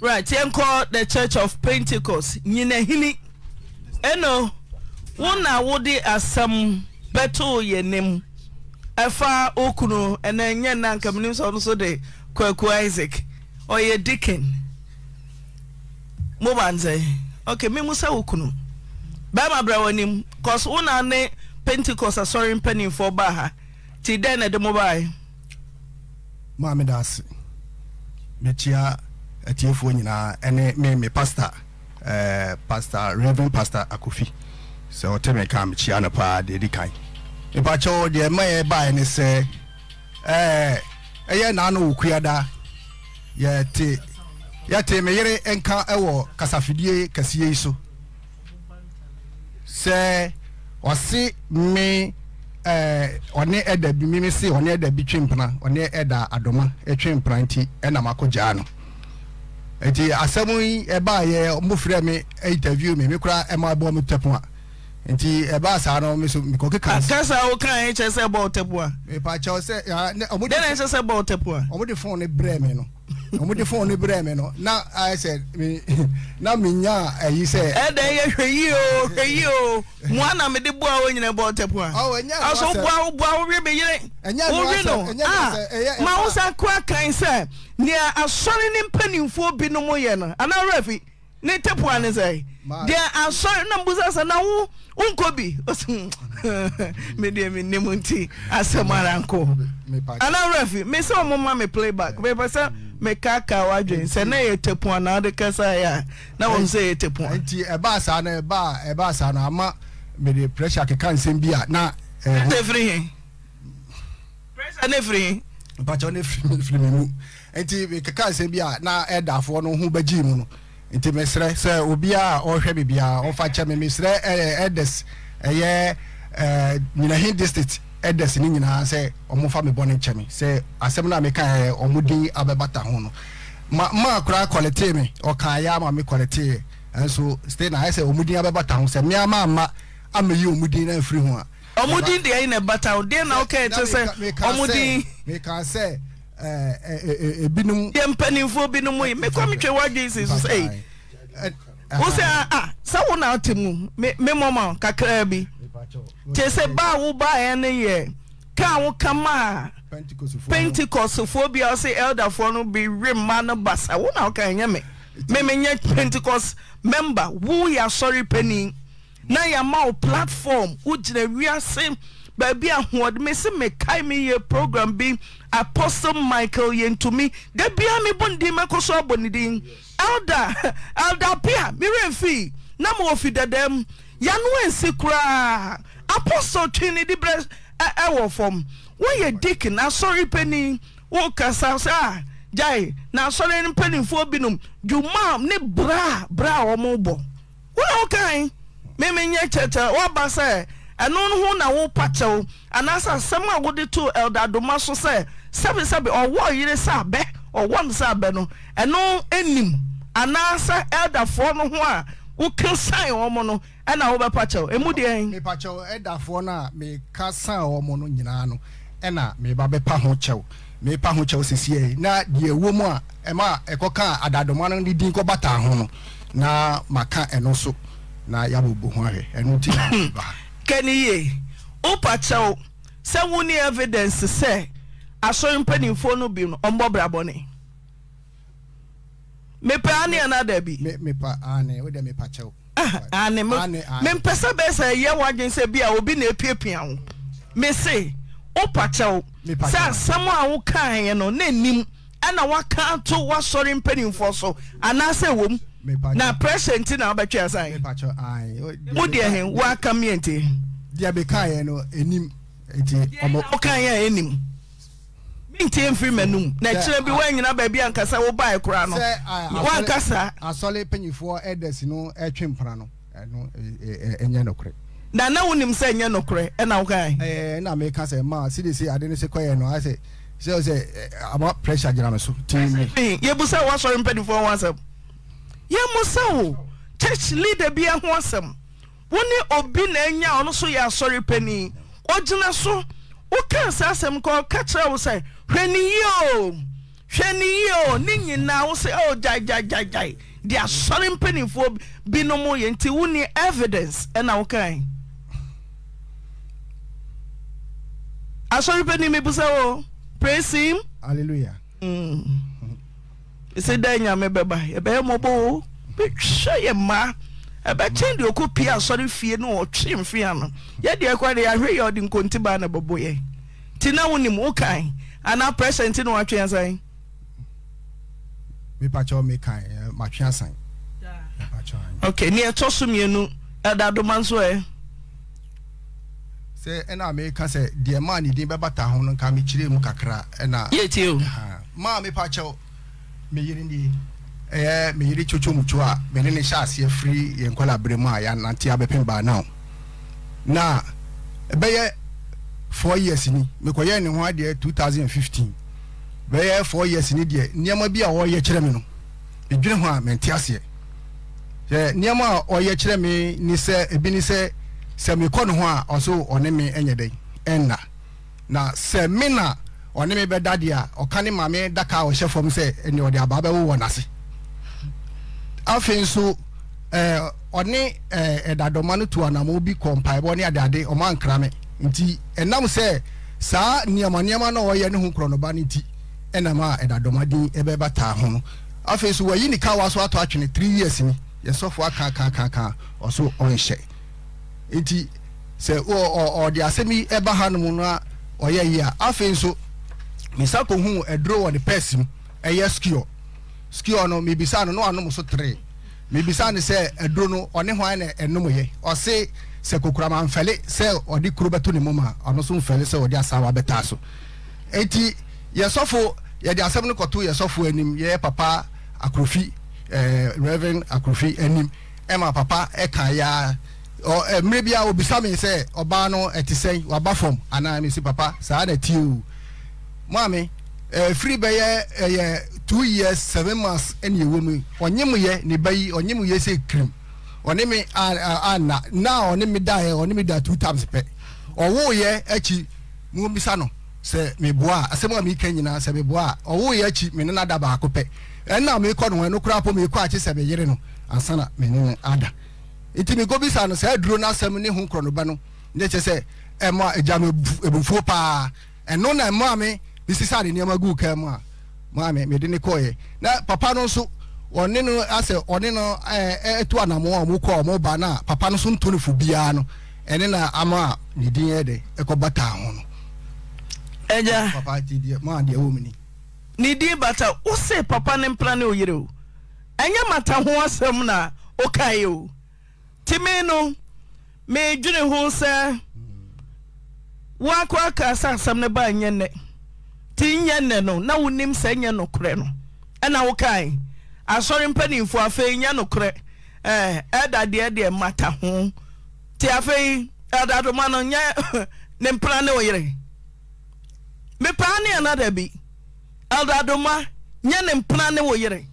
right yɛnkɔ the church of pentecost nyinahini ɛno wo na wode asɛm bɛtoo na nim ɛfa okunu ɛna nyɛ na nkamenim sɛ ɔno so de kwaku isaac ɔyɛ deacon mobansɛ ok memu sɛ wo kunu bɛrima cause wo na ne pentecost asɔre ha ti dɛn na atiefoɔ nyinaa ɛne me me pastor ɛɛ eh, pastor reverend pastor akofi sɛ ɔte me kan mekyia no paa deɛ di kan nipakyɛw deɛ ɛma yɛ baeɛ ne sɛ ɛɛ eh, ɛyɛ naano wokuada yɛte yɛte me yere nka ɛwɔ kasafidie kɛseɛ yi so sɛ ɔse me ɛɛ eh, ɔne ɛda bi mimi se ɔne ɛda bi twe mpena ɔne ɛda adoma ɛtwe mpena nti ɛnam akɔ gyaa no nti asɛm yi ɛbaa yɛ mo frɛ mi interview mi mi kura ɛma bɔ mi tɛpo a nti ɛbaa saa no mi so mi kɔ keka. akasa ah, awo kan yɛn kyerɛ sɛ bɔɔl tɛpo a. mipa kyɛw sɛ ah, ɔmo de. dɛnɛ kyerɛ sɛ bɔɔl tɛpo a. ɔmo de fɔn ne brɛ mi no. ɔmo de fone brɛ mi no na ayɛ sɛ mi na mi nya ayi sɛ. ɛdɛ yɛ hwɛ yi o hwɛ yi o mu ana mi de bua o nyina bɔ tɛpu a. ɔwɔ ɛnyɛ ɛwɔ sɛ ɔsɔ bua o bua o wi mi yire. ɛnyɛ ɛwɔ sɛ ɛnyɛ ɛwɔ sɛ a ma wosa kura kan sɛ nea asɔre ne mpanimfoɔ binom yɛ no ana rɛfi ne tɛpu a ne sɛ deɛ asɔre na mbusa sɛ na wo nkɔ bi osi <laughs> mi deɛ mi nim nti asɛm ara nkɔ ana rɛfi mi sɛ ɔmo ma mi playback mi pɛ sɛ. mekaka wadwen sɛ na yɛ tapua na wode kasaeɛ a na wɔn sɛ yɛ tapua nti ɛbaa saa no ɛbaa ɛbaa saa ama mede pressure keka nsɛm bi a na ɛne eh, firi he pressure ne firi he mpakyɛ ne firi me mu nti mekeka nsɛm bi a na ɛdafoɔ no ho bɛgyee mu no nti mesrɛ sɛ obiaa ɔhwɛ me biaa ɔmfa kyɛ me mesrɛ ɛdes eh, eh, ɛyɛ nyinahin district edes ne nyinaa sɛ ɔmofa me bɔne kyɛ me sɛ asɛm no a mekaɛ ɔmo din abɛbata ho no ma maa koraa kɔletee ama nso still na ayɛ sɛ ɔmo din abɛbata ho sɛ mmea maa ma ameyi ɔmo din na mfiri ho a ɔmo deɛ na ɛbata deɛ na sɛ ɔmo sɛ mpanimfoɔ binom yi sɛ sɛ a ah, ah, sɛ wo Tese sɛ baa wo baeɛ no yɛ ka wo kama a pentecostfoɔ bi a ɔsɛ elderfoɔ no bi we no basa wo na woka ɛnyɛ me memenyɛ pentecost member wo yɛ asɔre pani na yɛama wo platform wogyina wiase baabi ahoɔden me se mekae me yɛ program bi apostle michael yɛntumi da bia mebɔ ne din mɛkɔ so abɔ ne din elder <laughs> elder pia meremfii na mewɔ fi dadaam yanu nsi koraa apostle twi ne de brɛ ɛwɔ e, e, fam woyɛ dik na asɔre panyin wokasa sɛ a gyae na asɔre no mpanimfoɔ binom dwuma ne bra bra a wɔmobɔ wona wokae memenyɛ kyɛkyɛ woaba sɛ ɛno no ho na wopa kyɛw anaasɛ asɛm a wode to ɛldadoma so sɛ sɛbesɛbe ɔwɔ yere sɛ abɛ ɔwɔ no sɛ abɛ no ɛno anim anaasɛ ɛldafoɔ no ho a wokesae wɔm no ɛna wobɛpa kyɛw ɛmu deɛ mepa kyɛw ɛdafoɔ no a meka saa wɔ mo no nyinaa no ɛna meba bɛpa ho kyɛw mepa ho kyɛw sisiɛ na deɛ ɛwɔ mu a ɛma ɛkɔka adadɔma no ne din kɔbataa ho no na maka ɛno so na yɛabɔbɔ ho ahwɛ ɛno nti hmm. kɛne yie wopa kyɛw sɛ wo ne evidence sɛ asɔre mpanimfoɔ no bi no ɔmbɔ brabɔne mepa ane anaa daabi mepa ane wode mepa kyɛw Ah, ah, ah, mempɛ sɛ bɛɛ sɛ ɛyɛ w'adwene sɛ bi a obi na ɛpiapia wo me se wopakyɛw sɛ asɛm a wokaeɛ no na nim ɛna woaka ato mpe mpanimfoɔ so anaasɛ wɔ m na pressure nti na wobɛtwe asae wodeɛ he woaka mmeɛ nti deɛ mekaeɛ no ɛnim nti ɔkaeɛ a ɛnim ntie mfiri m'anum na kyerɛ bi woanyina baabi ankasa wobae koraa no woankasa asɔle panyifoɔ ɛdas no ɛtwe mpra no ɛno ɛnyɛ nokorɛ na na wonim sɛ ɛnyɛ nokorɛ ɛna na meka sɛ ma sede se ade no sɛ kɔyɛ no asɛ sɛ sɛ ama pressure gyina me so yɛbu sɛ woasɔre mpanifoɔ ho asɛm sɛ wo church leader bi ho asɛm obi na anya ɔno so yɛ asɔre ɔgyina so woka saa asɛm ka ɔka kyerɛ wo sɛ hwɛ ne yio hwɛ ne jai, jai, jai, wo sɛ o oh, gyaegyagyaegyae de asɔre mpanimfoɔ binom yɛ nti need evidence ɛna wokae asɔre panim ebisa oh, praise him hallelujah mm. ɛsɛ dɛ nyame bɛba yɛbɛyɛ mɔbɔ o bɛtwa yɛ mmaa ɛbɛkyɛn deɛ ɔkɔ pie asɔre fie na ɔtwe mfea no yɛdeɛ kɔ de yɛahwɛ yɛ ɔde nkonti baa na bɔbɔ yɛ nti na wonim wokan anaa present na watwe asan mepakyɛ mekan eh, matwe asan ok ne ɛtɔ so mmienu ɛda adoma nso ɛ sɛ ɛna meka sɛ deɛ maa ne din bɛbata ho no nka mekyerɛ mu kakra ɛna yɛtio maa mepakyɛw meyere nie ɛyɛ meyere twotwo mutwo a mene ne hyɛ aseɛ firi yɛn nkɔla berɛ mu a yɛanante abɛpem baana o na ɛbɛyɛ four years ni mekɔyɛ ne ho adeɛ 2015 bɛyɛ four years ni deɛ nneɛma bi a wɔyɛ kyerɛ me no medwene ho a mente aseɛ sɛ nneɛma a ɔyɛ kyerɛ me ni sɛ ebi ne sɛ sɛ mekɔ ne ho a ɔso ɔne me ɛnyɛ dɛn ɛnna na sɛ me na ɔne me bɛda deɛ a ɔka ne maame daka a ɔhyɛ fam sɛ ɛne ɔde abaa bɛwo wɔ n'ase afei nso eh, ɔne eh, ɛdadɔma no to anamo bi kɔ mpaebɔ ne adeade ɔma nkrame nti ɛnam sɛ saa nneɛma nneɛma na ɔyɛ ne ho nkorɔnoba no nti ɛnam a ɛdadɔma din ɛbɛba taa ho no afei nso wɔyi ne kawa so atɔ atwene three years ni yɛsɔfo akaakaakaaka ɔso ɔnhyɛ nti sɛ ɔde asɛm yi ɛba ha nom no a ɔyɛ yia a afei nso mesa kɔhu ɛduro wɔ ne pɛs mu ɛyɛ skiɔ ski ɔno mibisa no na wanom so tere mibisa eh, no eh, sɛ aduro no ɔne hwan na ɛnom yɛ ɔse sɛ kokurama mfɛle sɛ ɔde kuro bɛto ne mu ma ɔno so mfɛle sɛ ɔde asawa bɛtaa so eti yɛsɔfo yɛde asɛm no kɔto yɛsɔfo anim yɛ papa akrofi ɛɛ eh, reverend akrofi anim ɛma e papa ɛka e ya ɔ ɛ mmiri bi a obisa mi sɛ ɔbaa no ɛte sɛn waba fam anaa mi si papa saa na ti o maame ɛfiri eh, bɛyɛ ɛyɛ eh, two years seven months ɛna ɛwɔ mu ɔnye mu yɛ ne ba yi ɔnye mu yɛ sɛ kirim ɔne mi a a na na ɔne mi da yɛ ɔne mi da two times pɛ ɔwɔ yɛ akyi mo bisa no sɛ mi boa asɛm a mi kɛ nyinaa sɛ mi boa ɔwɔ yɛ akyi mi nana da baako pɛ ɛna mi kɔ no wɔn no kura po mi kɔ akyi sɛ mi yere no ansana mi ne ada nti mi ko bisa no sɛ aduro n'asɛm ne ho korɔ no ba no ne kyɛ sɛ ɛma egya mi ebufuo paa ɛno na ɛma mi mesisa de nneɛma gu kan mu a maame mede ne kɔɔyɛ na papa no nso ɔne no asɛ ɔne no ɛɛ ɛto anamoa a ɔmokɔ a ɔmoba no a papa no nso nto ne fo biara no ɛne na ama a ne din yɛ de ɛkɔba bata ho no ɛgya papa ti deɛ maa deɛ wɔ ni. ne din bata wose papa ne mpena ne oyere o ɛnyɛ mata ho asɛm na okae o timi no meedwene ho sɛ mm. woakɔ aka asɛm no baa nyɛ nnɛ nti nyɛ nɛ no na wonim sɛ nyɛ nokorɛ no ɛna wokae asɔre mpanimfo afei nyɛ nokorɛ ɛda deɛ deɛ mata ho nti afei ɛdadoma no nyɛ <laughs> ne mpra ne oyere mepaa ne ana da bi ɛdadoma nyɛ ne mpra ne oyere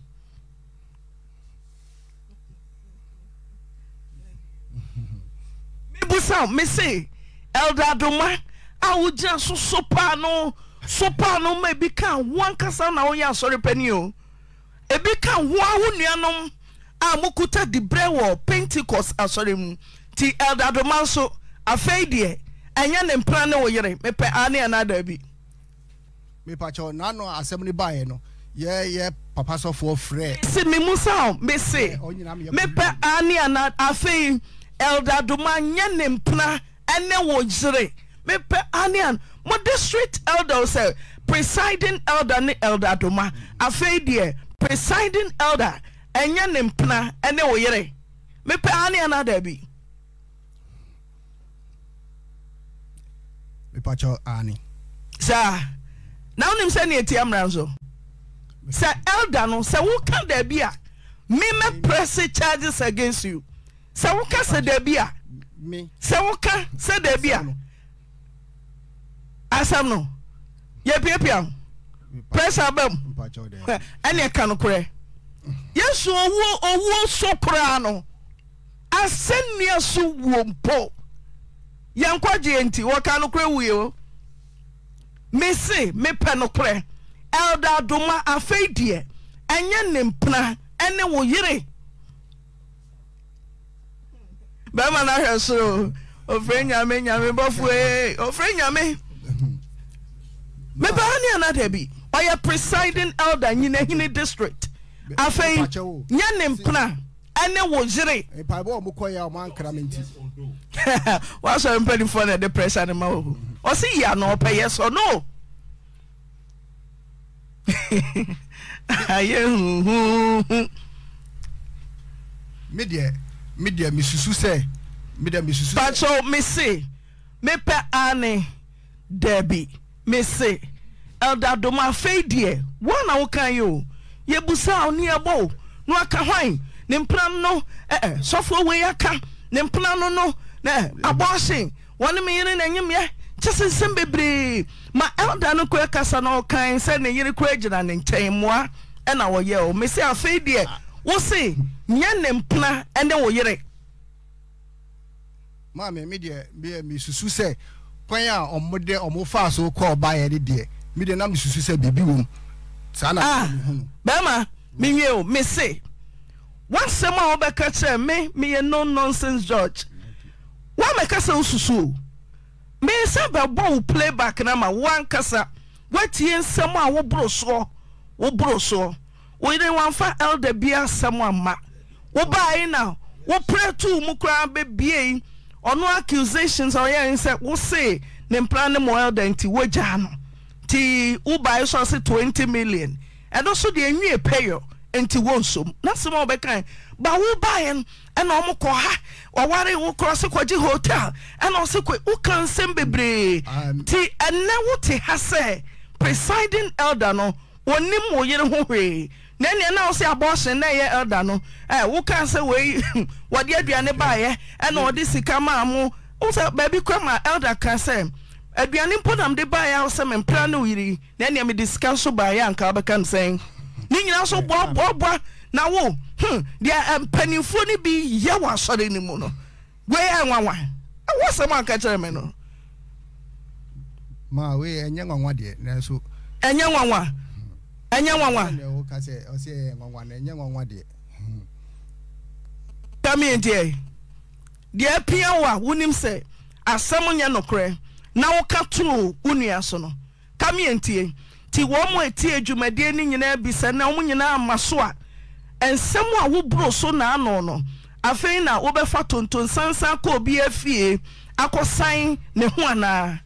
mebusa me se ɛdadoma a wogyina soso paa no so paano ma ebi ka wo ankasa na woyɛ asɔre pani o ebi ka wo aho nuanom a mokuta dibrɛ wɔ pentecost asɔre mu ti adadoma nso afei deɛ ɛnyɛ ne mpra ne wo yere mepɛ ane ana daabi mepakyɛ n'ano asɛm no baeɛ no yɛyɛ papa sɔfoɔ frɛ si me mu sa o me se mepɛ ane ana afei eldadoma nyɛ ne mpra ɛne wo yere mepɛ ane ana modistrict elder o sɛ presideng elder ne elder do ma afei deɛ presideng elder ɛnyɛ ne mpena ne wo yere meɛ ane anadaabisaawon ɛeammans sɛ elde no sɛ woka daabi a memɛ press charges against you sɛ woka sɛ daabia sɛ woa sɛ dabia asɛm no yɛpiapia prɛsa ba m ɛne ka nokorɛ yesu owuo so koraa no asɛnnua so wo mpo yɛnkwagyeɛ nti wɔka nokorɛ wuie o mese mepɛ nokorɛ ɛldaadoma afei deɛ ɛnyɛ ne mpena ɛne wo yere bɛima no ahwɛ soro ofirɛ nyame nyame bɔfoe eh, ofirɛ nyame mebaa ne anada bi ɔyɛ presiding elder nyinahini district afei nyɛ ne mpena ɛne wo yere <laughs> wasɔre mpanimfoɔ no ɛde pressure no ma wɔhu ɔse yi ano ɔpɛ yɛ sɔ no <laughs> ayɛ huhuhu medeɛ medeɛ mesusu sɛ medeɛ mesusu patro mese mepɛ ane dabi mese ɛdadom afei deɛ woana wo ka yɛ o yɛbu sao ne ɛbɔo na aka hwa ne pea no sfoɔ w ka e o ab ahe ɔnemeyere noymyɛ kyɛse nsɛm bebree ma ɛlda no koa kasa no ɔkan sɛ ne yere koa agyina ne nkɛ mmoa ɛnawɔyɛo mese afei deɛ wo se neɛ ne mpena ne wo yereadeɛmsusu sɛ kwan a ɔmo de ɔmo fa so kɔ ɔbaayɛ ne deɛ mi de nam susu sɛ biribi wɔ mu saa na ɔmo ah, hu. bɛrima mi wie o mi se wansɛm a wɔbɛka kyerɛ mi mi yɛ no nonsense george wɔmɛka sɛ osusu o mi nsa bɛbɔ o playback na ma wankasa watie nsɛm a woboro soɔ woboro soɔ wɔyere wɔnfa elder bi asɛm ama wɔbaa yi na wɔpere tu mu koraa bebie yi. no accusations ɔyɛ n sɛ say them plan them mɔ elda nti wogyaa no nti wobae so ase 20 million ɛno so deɛ nwie pɛyɔ nti wonsom na sɛm a wobɛkae ba wobaeɛ no ɛna ɔmo kɔ ha ɔware wo korɔ se kɔgye hotel ɛna ɔse kɔ woka nsɛm bebree nti ɛnɛ wote ha sɛ presiding elder no wɔnim wo yere ho hwee na nea na ɔsɛ abɔɔsen na ɛyɛ elda no ɛ woka sɛ wei <laughs> wɔde aduane baayɛ ɛna ɔde sika maa mo wosɛ baabi kɔ ma elda ka sɛ aduane mpo nam de baayɛ a sɛ mempra ne woyiri na nea mede sika nso baayɛ anka wobɛka no sɛn ne nyinaa nso boaboaboa na wo hmm deɛ mpanimfoɔ no bi yɛ wɔ asɔre no mu no wei ɛ nwanwa ɛwɔ sɛm anka kyerɛ me no ma wei ɛnyɛ nwanwa deɛ nanso ɛnyɛ nwanwa ɛnyɛ nwanwa ka sɛ ɔsɛ nwanwa na ɛnyɛ nwanwa deɛ. dami <laughs> deɛ deɛ pia wa wonim sɛ asɛm nyɛ nokorɛ na woka too wo nua so no kame yɛntie nti wɔn mu eti adwumadie no nyinaa bisa na wɔn nyinaa ama so a nsɛm a woboro so na ano no afei na wobɛfa tonton sansan kɔ obi afie akɔsan ne ho anaa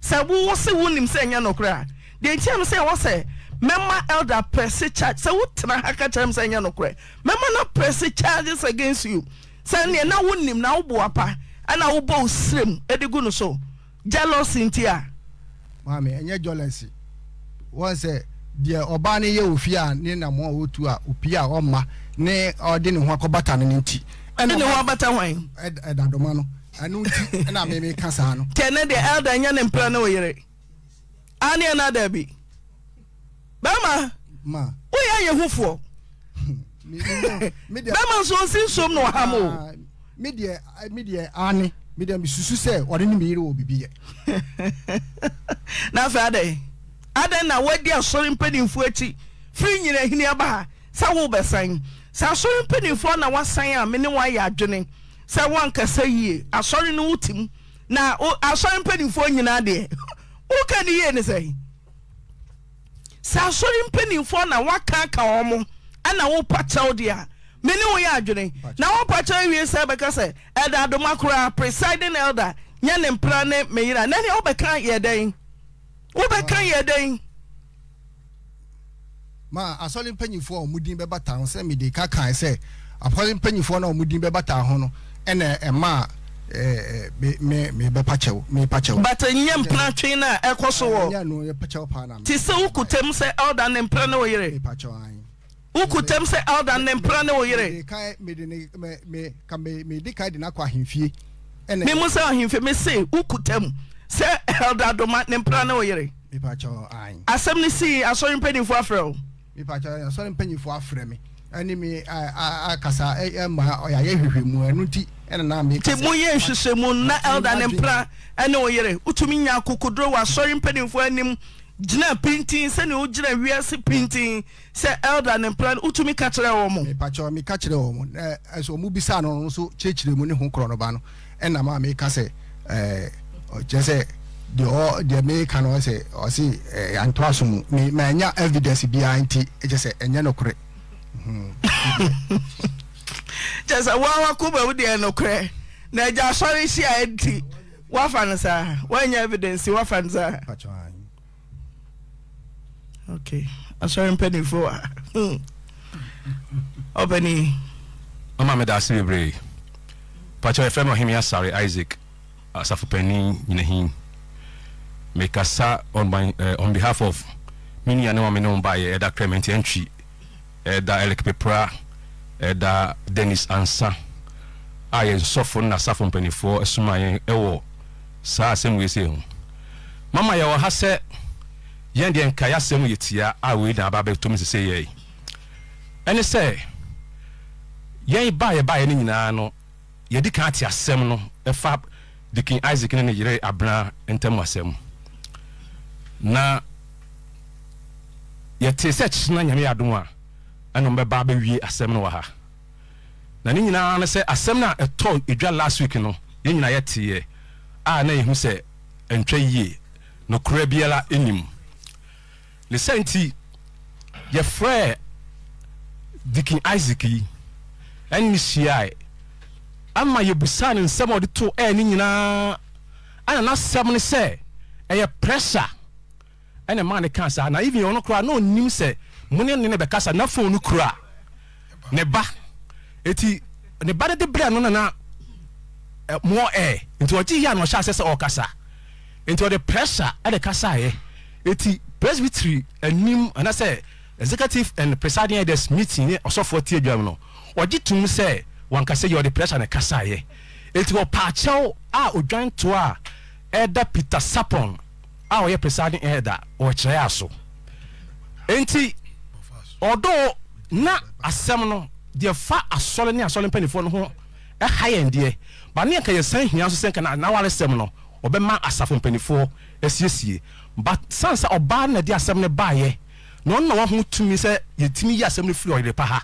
sɛ wowo se wonim sɛ ɛnyɛ nokorɛ a deɛ nkyɛn no sɛ ɛwɔ sɛ mɛma elder prɛse charge sɛ wotena ha ka kyerɛ m sɛ nyɛ nokorɛ mɛma no prɛse charges against you sɛ neɛ na wonim na wobo apa ɛna wobɔ wo serem de gu no so jealousy nti a maame ɛnyɛ jealousy wɔn sɛ deɛ ɔbaa no yɛ ofie a ne nam a wotu a opie a ɔma ne ɔde ne ho akɔbata no no nti ɛne ne ho abata hwan ɛdadoma no ɛno nti ɛna meme ka saa no kyɛ ne deɛ elder nyɛ ne mpra ne wo yere aneɛ no ada bi bɛrima woyɛ ayɛ hofoɔ <laughs> bɛrima nso ɔsi nsom na ɔham o ah, medeɛ ah, ane medeɛ mesusu sɛ ɔne ne meyere wɔ biribi yɛ <laughs> na afei adɛn adɛn na wadi asɔre mpanyinfo akyi firi nyina ahini aba ha sɛ wobɛsan sɛ asɔre mpanyinfo na wasan a me ne woayɛ adwene sɛ woankasa yie asɔre no wotim na asɔre mpanimfoɔ nyinaa deɛ <laughs> woka ne yie ne sɛn sɛ asɔre mpanimfoɔ na woaka ka wɔ mo ana wopa kyɛw deɛ a mene wo yɛ adwene na wopa kyɛw awie sɛ bɛka sɛ ɛda adoma koraa presiding elder nyɛ ne mpra ne meyira na nea wobɛka yɛ dɛn wobɛka yɛ dɛn ma asɔre mpanyimfoɔ a ɔmodin bɛbata ho sɛ mede ka kae sɛ asɔre mpanyimfoɔ no a ɔmodin bɛbata ho no ɛna ɛmaa ee eh, eh, kyɛw but nyɛ mpena twee no a ɛkɔ so wɔ te sɛ wokutam sɛ elda ne mpra ne wo yere wokutam sɛ elda ne mpra ne wo yere kae mese wokutam sɛ elda doma ne mpra ne wo yere asɛm no sii asɔre mpanyimfoɔ afrɛ mpanyimfoɔ afrɛ me ɛne me akasa e, e, ma ɛna na mi ti mu yɛ nhyehyɛ na elder ne mpira ɛne oyere utumi nya akokodoro wɔ asɔre mpanimfoɔ anim gyina pintin sɛnea wogyina wiase pintin sɛ elder ne mpira utumi ka kyerɛ wɔn mo. mipakyɛw mi ka kyerɛ wɔn mo ɛ ɛsɛ ɔmu bisa no no nso kyerɛkyerɛ mu ne ho korɔ no ba no ɛna maa mi kasa ɛɛ ɔkyɛ sɛ deɛ ɔ deɛ mi ka no sɛ ɔsi ɛɛ antɔ aso mi mɛ ɛnya evidence biara nti ɛkyɛ sɛ ɛnyɛ no <laughs> kyɛ sɛ woawa nokorɛ na agya asɔre hyia nti woafa no saa woanya evidence woafa no saa ok asɔre mpanifo a ɔpani mama meda ase bebree pakyɛ ɛfrɛ me ɔheme asare e isaac asafo panin nyinahin mekasa on, my, eh, on behalf of me nua ne ma me ne mo baeɛ ɛda krɛ me nti antwi ɛda e pepra ɛda dennis ansa a yɛ nsɔfo na asafo mpanimfoɔ ɛsoma yɛn ɛwɔ saa asɛm wei sɛ ho mama yɛwɔ ha sɛ yɛn deɛ nkae asɛm yɛ tia a wei na aba bɛtɔm sese yɛi ɛne sɛ yɛn baayɛ baayɛ no nyinaa no yɛdi kan ate asɛm no ɛfa dikin isaac ne ne yere abena ntam asɛm na yɛte sɛ kyena nyame adom a ɛna bɛba bɛwie asɛm no wɔ ha na ne nyinaa no sɛ asɛm no a ɛtɔ edwa last week no yɛn nyinaa yɛteeɛ a na yɛhu sɛ ntwa yie nokora biara anim ne sɛ nti yɛfrɛ dikin isaac yi ɛne hyiae ama yɛbusaa ne nsɛm a ɔde to ɛɛ ne nyinaa ana n'asɛm no sɛ ɛyɛ pressure ɛna maa ne kaa saa na even no koraa na ɔnim sɛ mo ne ne ne bɛkasa na fone no kura ne ba eti ne ba de de bere ano nana ɛ mɔ ɛ nti ɔgye yia na ɔhyɛ asɛ sɛ ɔkasa nti ɔde pressure ɛde kasa yɛ eti presbytery anim anasɛ executive and presiding elders meeting ne ɔsɔfoɔ tie dwam no ɔgye tum sɛ wankasa yɛ ɔde pressure ne kasa yɛ eti ɔpaakyɛw a odwan toa a ɛda peter sapon a ɔyɛ presiding elder ɔkyerɛ aso nti ɔdɔ na asɛm no deɛ fa asɔre ne asɔre mpanimfoɔ no ho ɛha yɛn deɛ ba ne yɛka yɛ san hia nso sɛ nka na nawale sɛm no ɔbɛma asafo mpanimfoɔ asiesie but sansa sɛ ɔbaa na de asɛm no baayɛ na ɔno na wɔn ho tumi sɛ yɛtumi yi asɛm no firi ɔyere pa ha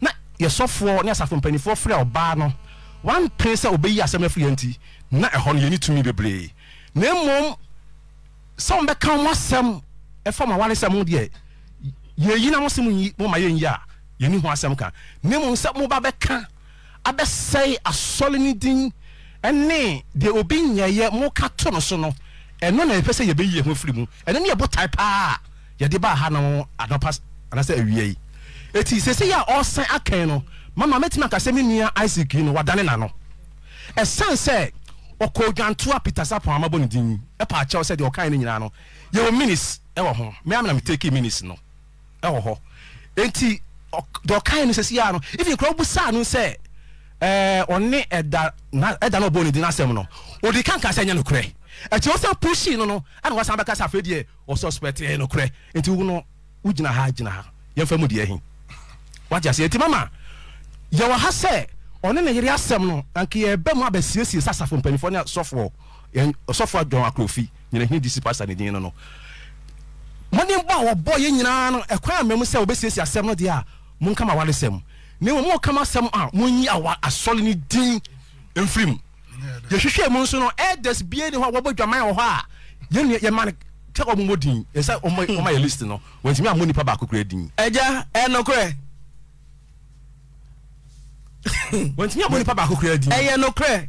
na yɛsɔfoɔ ne asafo mpanimfoɔ firi ɔbaa no wɔn pɛn sɛ ɔbɛyi asɛm no firi yɛn ti na ɛhɔ no yɛn ni tumi bebree na mmom sɛ wɔn bɛka wɔn asɛm ɛfam awale yɛyi na mose moma yɛnyi a yɛni ho asɛm ka na mmom sɛ moba bɛka abɛsɛe asɔre no din ɛne deɛ obi nyɛyɛ moka to no so no ɛno na yɛpɛ sɛ yɛbɛyi yɛ ho afiri mu ɛno ne yɛbɔ tae paa yɛde baa ha no anɔpa anasɛ awia yi ɛti sɛsɛ yɛ a ɔresan akɛn no mama mɛtumi aka sɛ me nua isaac yi no wadane na no ɛsiane sɛ ɔkɔ odwantoa peter sapon amabɔ ne din ɛpa akyɛw sɛ deɛ ɔkae no nyinaa no yɛwɔ minis ɛwɔ ho me amena meteki minis no ɛwɔ hɔ nti deɛ ɔkae no sɛsi ya no ifi kura obu saa no sɛ ɛɛ ɔne ɛda na ɛda na ɔbɔ ne di n'asɛm no odi kankan sɛ ɛnyɛ nokorɛ ɛkyɛ ɔsan pushi no no ɛna wasan bɛka sɛ afei deɛ ɔsɔspɛt ɛyɛ nokorɛ nti ha ha mu deɛ hin ase eti mama ha ɔne ne yere asɛm no mu abɛsiesie sasafo ne asɔfoɔ mo ní bọ́ àwọn bọ́ yẹn nyinaa no ẹ̀kọ́ àmì mu sẹ́ obesiesie asẹ́m no deɛ a mo nkama awale sẹ́m na mo nkama asẹ́m a mo nyi awa asɔre ne din mfiri mu yɛhwehwɛ mu nso no elders bie ne hɔ a wɔbɔ dwaman wɔ hɔ a yɛn yɛ ma ne sɛ ɔmo mo din ɛsɛ ɔmo ɔmo ayɛ list no wɔn ti mi a mo nipa baako kura din. ɛja ɛnokorɛ. <laughs> wɔn ti mi a mo nipa baako kura din. ɛyɛ nokorɛ.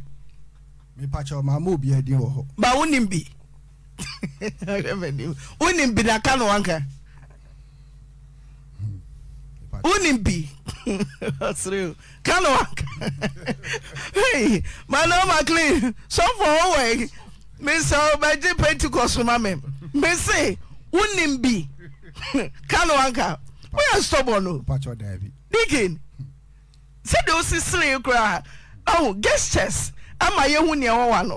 mipa kyɛw maa mo bi ɛdin wɔ hɔ. bawo ni bi. <laughs> wonim bi na kano anka wanka wonim bi ɔsere <laughs> ka no wanka <laughs> hey mana ɔma clean sɔfo ɔwɔ mesɛ ɔbɛgye pentecost ma me mese wonim bi ka no wanka woyɛ stɔbɔ oh. oh, no dikin sɛdeɛ wosi seree koraa ɔho gestures ama yɛhu neɛ wɔwa no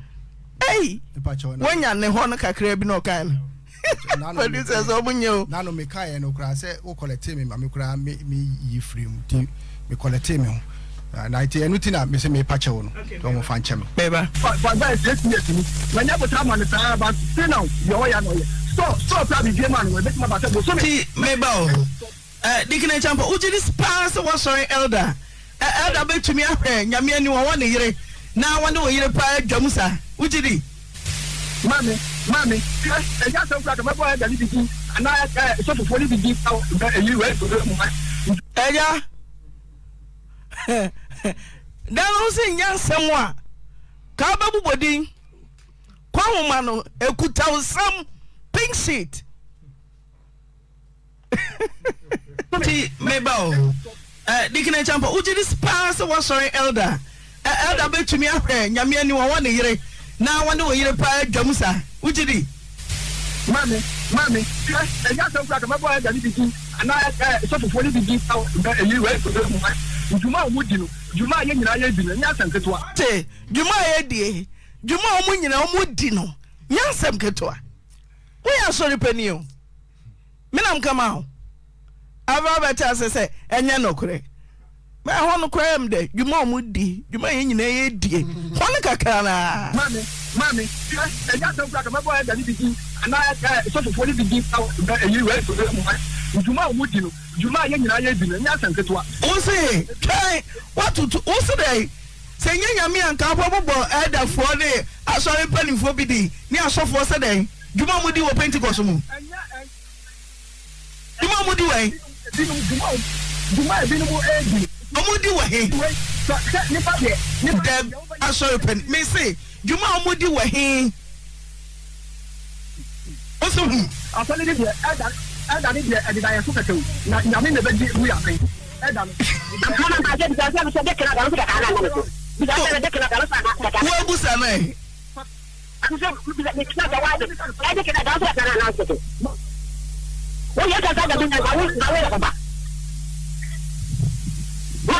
ei wonya ne hɔ no kakra bi na ɔkae no producer sɛ ɔmo nyɛ o nano mekaeɛ no koraa sɛ wo kɔlɛte me ma me koraa meyi firi mu nti mekɔlɛte me ho na nti ɛno ti na mesɛ mepa kyɛ wo no nti ɔmo fa nkyɛ me bɛba fasa ɛsiɛsi yɛsi mu manya bota ama no saa ba se na yɛwɔ ya na ɔyɛ sɔ sɔ pra bibie ma no ɛbɛtuma ba sɛ bo so me ti meba o dikina kyampa wogye ne paa sɛ wɔsɔre elder elder bɛtumi ahwɛ nyame ani wɔ wɔ ne yere na wọn ní òyìnbó pa ẹjọ musa wújì ni. maami maami ẹyẹ asọ fúlà tó mẹfọ ẹdá níbi di àná ẹ sọfọfọ níbi di èyí wẹ ẹsọ lórí mu ma. ẹyà dáná sí nyá nsẹm a káà bẹ búbọ dín kó ahoma no ekuta nsẹm pink sheet. ti meba o ẹ dikinna champa wújì ni wọn sọrọ elder. ɛda bɛtumi ahwɛ nyame ani wɔ wɔne yere na wɔne wɔ yere paa adwam saa wogye di mami mami ɛnyɛ asɛm kama kɛmɛbɔ ɛda ne didi anaa sɔfofoɔ ne didi ɛyi wɛ ɛkɔdɛ mu dwuma a di no dwuma a yɛ nyinaa yɛ di no ɛnyɛ asɛm ketewa te dwuma a yɛdie dwuma a wɔn nyinaa wɔn di no nyɛ asɛm ketewa woyɛ asɔre panin o mina kama o ava bɛte ase sɛ ɛnyɛ nɔkorɛ ɛhɔ no koraa m dɛ dwuma ɔmo di dwuma yɛn nyinaa yɛ die kakra maami maami kama bɔ ni ana ɛ ni ɛyi wɛ ɛmu ɛ dwuma di no dwuma nyinaa yɛ di no asɛn ketewa. wosi twɛn watutu wosi dɛ sɛ nye nyame a nka abɔ bɔbɔ ɛdafoɔ ne asɔre mpanimfoɔ bi di ne asɔfoɔ sɛ dɛ dwuma ɔmo di wɔ pentikɔs mu dwuma ɔmo di wɔ ọmọ di wọ hin. dẹbi asọrọ mi sè juma ọmọ di wọ hin. o sọ hun. asọ́ni ni diẹ ẹ̀dá ẹ̀dá ni diẹ ẹ̀dá yẹn fún kẹkẹ o na nyàmú ni bẹ di ewu yà fẹ́ ẹ̀dá mi. àkàrà máa jẹ́ bìtẹ́ ẹ̀sẹ̀ mi sọ bẹ́ẹ̀ kẹ́lá gàlọ́ kàkà náà lọ́nà tó bìtẹ́ ẹ̀sẹ̀ mi kẹ́lá gàlọ́ sí kàkà wọ́n bú sàmẹ́. àtúnṣe mi kìlá gàlọ́ sí kàkà náà lọ́nà kàkà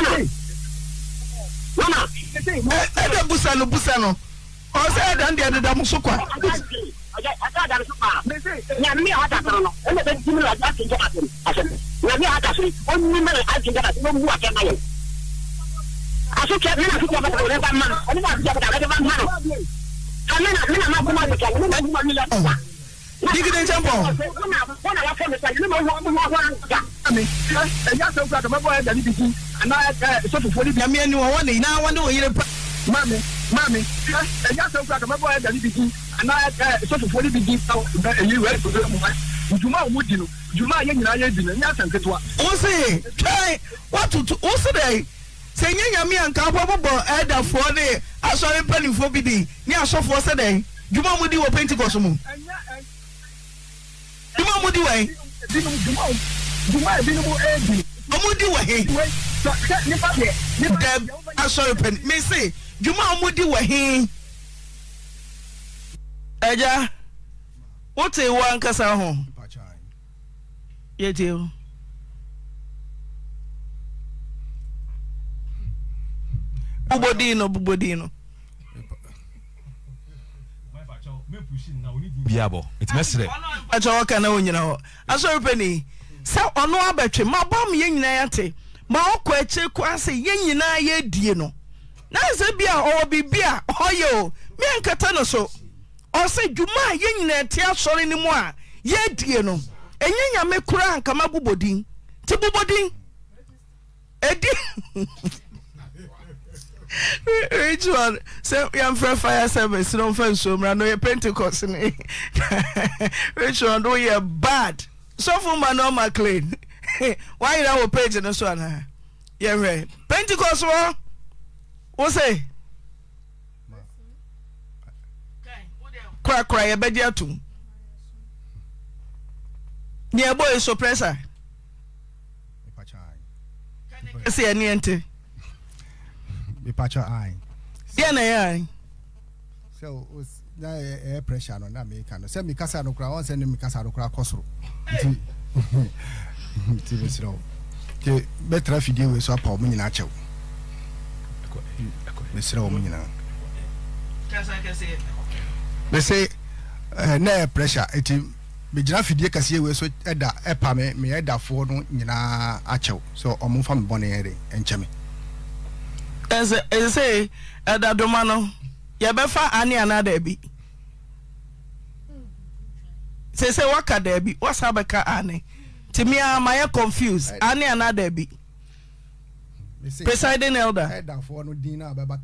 nana nana. ẹ ẹ busa no busa no ọsẹ ẹ dàn díẹ dídà mu sọkwa. Digide nkyɛn bɔ. Bọ́nà anaa ɛ sɔfofo ni bi. nyamia ni wɔn wɔn ne nyinaa wɔn ne wɔn yere pa. maami maami ɛ ɛyà sɛ nkura kama bɔ ɛ dani bi di anaa ɛ sɔfofo bi di ɛ ɛyi wɛ ɛkutɛ mu ɛ juma a wɔn di no juma a yɛ nyinaa yɛ di no nyɛ asɛn ketewa. wosi twɛn watutu wosi dɛ sɛ nye nyamia nka abɔ bɔbɔ ɛdafoɔ ne asɔre mpanimfoɔ bi di ne asɔfoɔ sɛ dɛ juma mu di wɔ pentikɔs mu juma mu di wɔ yi. juma ebinom edi. ɔmu di wɔ yi dɛb asɔre me se dwuma a wɔdi wɔ he agya wote wo ankasa ho yɛtie o no bobodin no biabɔ ɛtumi ah, ɛsrɛ ɛkyɛ wɔka na wɔnyina hɔ asɔre pɛni sɛ ɔno abɛtwe ma bɔ m yɛ nyinaa ma ɔkɔ akyire kora sɛ yɛn nyinaa yɛdie no na sɛ bi a ɔwɔ biribi a ɔyɛ o meankata no so ɔsɛ dwuma a yɛn nyinaa ɛte asɔre no mu a yɛdie no ɛnyɛ nyame kora ankama bobɔdin nti bobɔdin ɛdi which <laughs> one sɛ yɛmfrɛ fire service na ɔmfa nsuo mmra no yɛ pentecost ni which <laughs> one woyɛ bad sɔfo ma no ɔma clean <laughs> wayera wɔ page no so anaa yɛhwɛ pentecost wɔ wo se korakora yɛbɛgye atom nea ɛbɔ yɛ sopressa ɛsɛ ɛneɛ nte deɛ na ɛyɛ ae na ɛyɛ pressure no na meka no sɛ mekasa no koraa ɔn sɛ ne mekasa no koraa kɔ soro nti nti <laughs> mesrɛ wo nti bɛtra afidie wei so apa wo mo nyinaa kyɛw mesrɛ wo mo nyinaa mese eh, na ɛyɛ pressure nti megyina afidie kɛseɛ wei so ɛda ɛpa me meyɛ dafoɔ no nyinaa akyɛw so ɔmo mfa me bɔne ɛde nkyɛ me ɛsɛ ɛda doma no yɛbɛfa ane anaa daabi hmm. sɛ sɛ waka daabi wasa bɛka ane tìmí a ma yẹ confuse ani ana dẹbi presiding elder. ẹ̀dàfọ́ no dín náà bẹ́ẹ̀ bá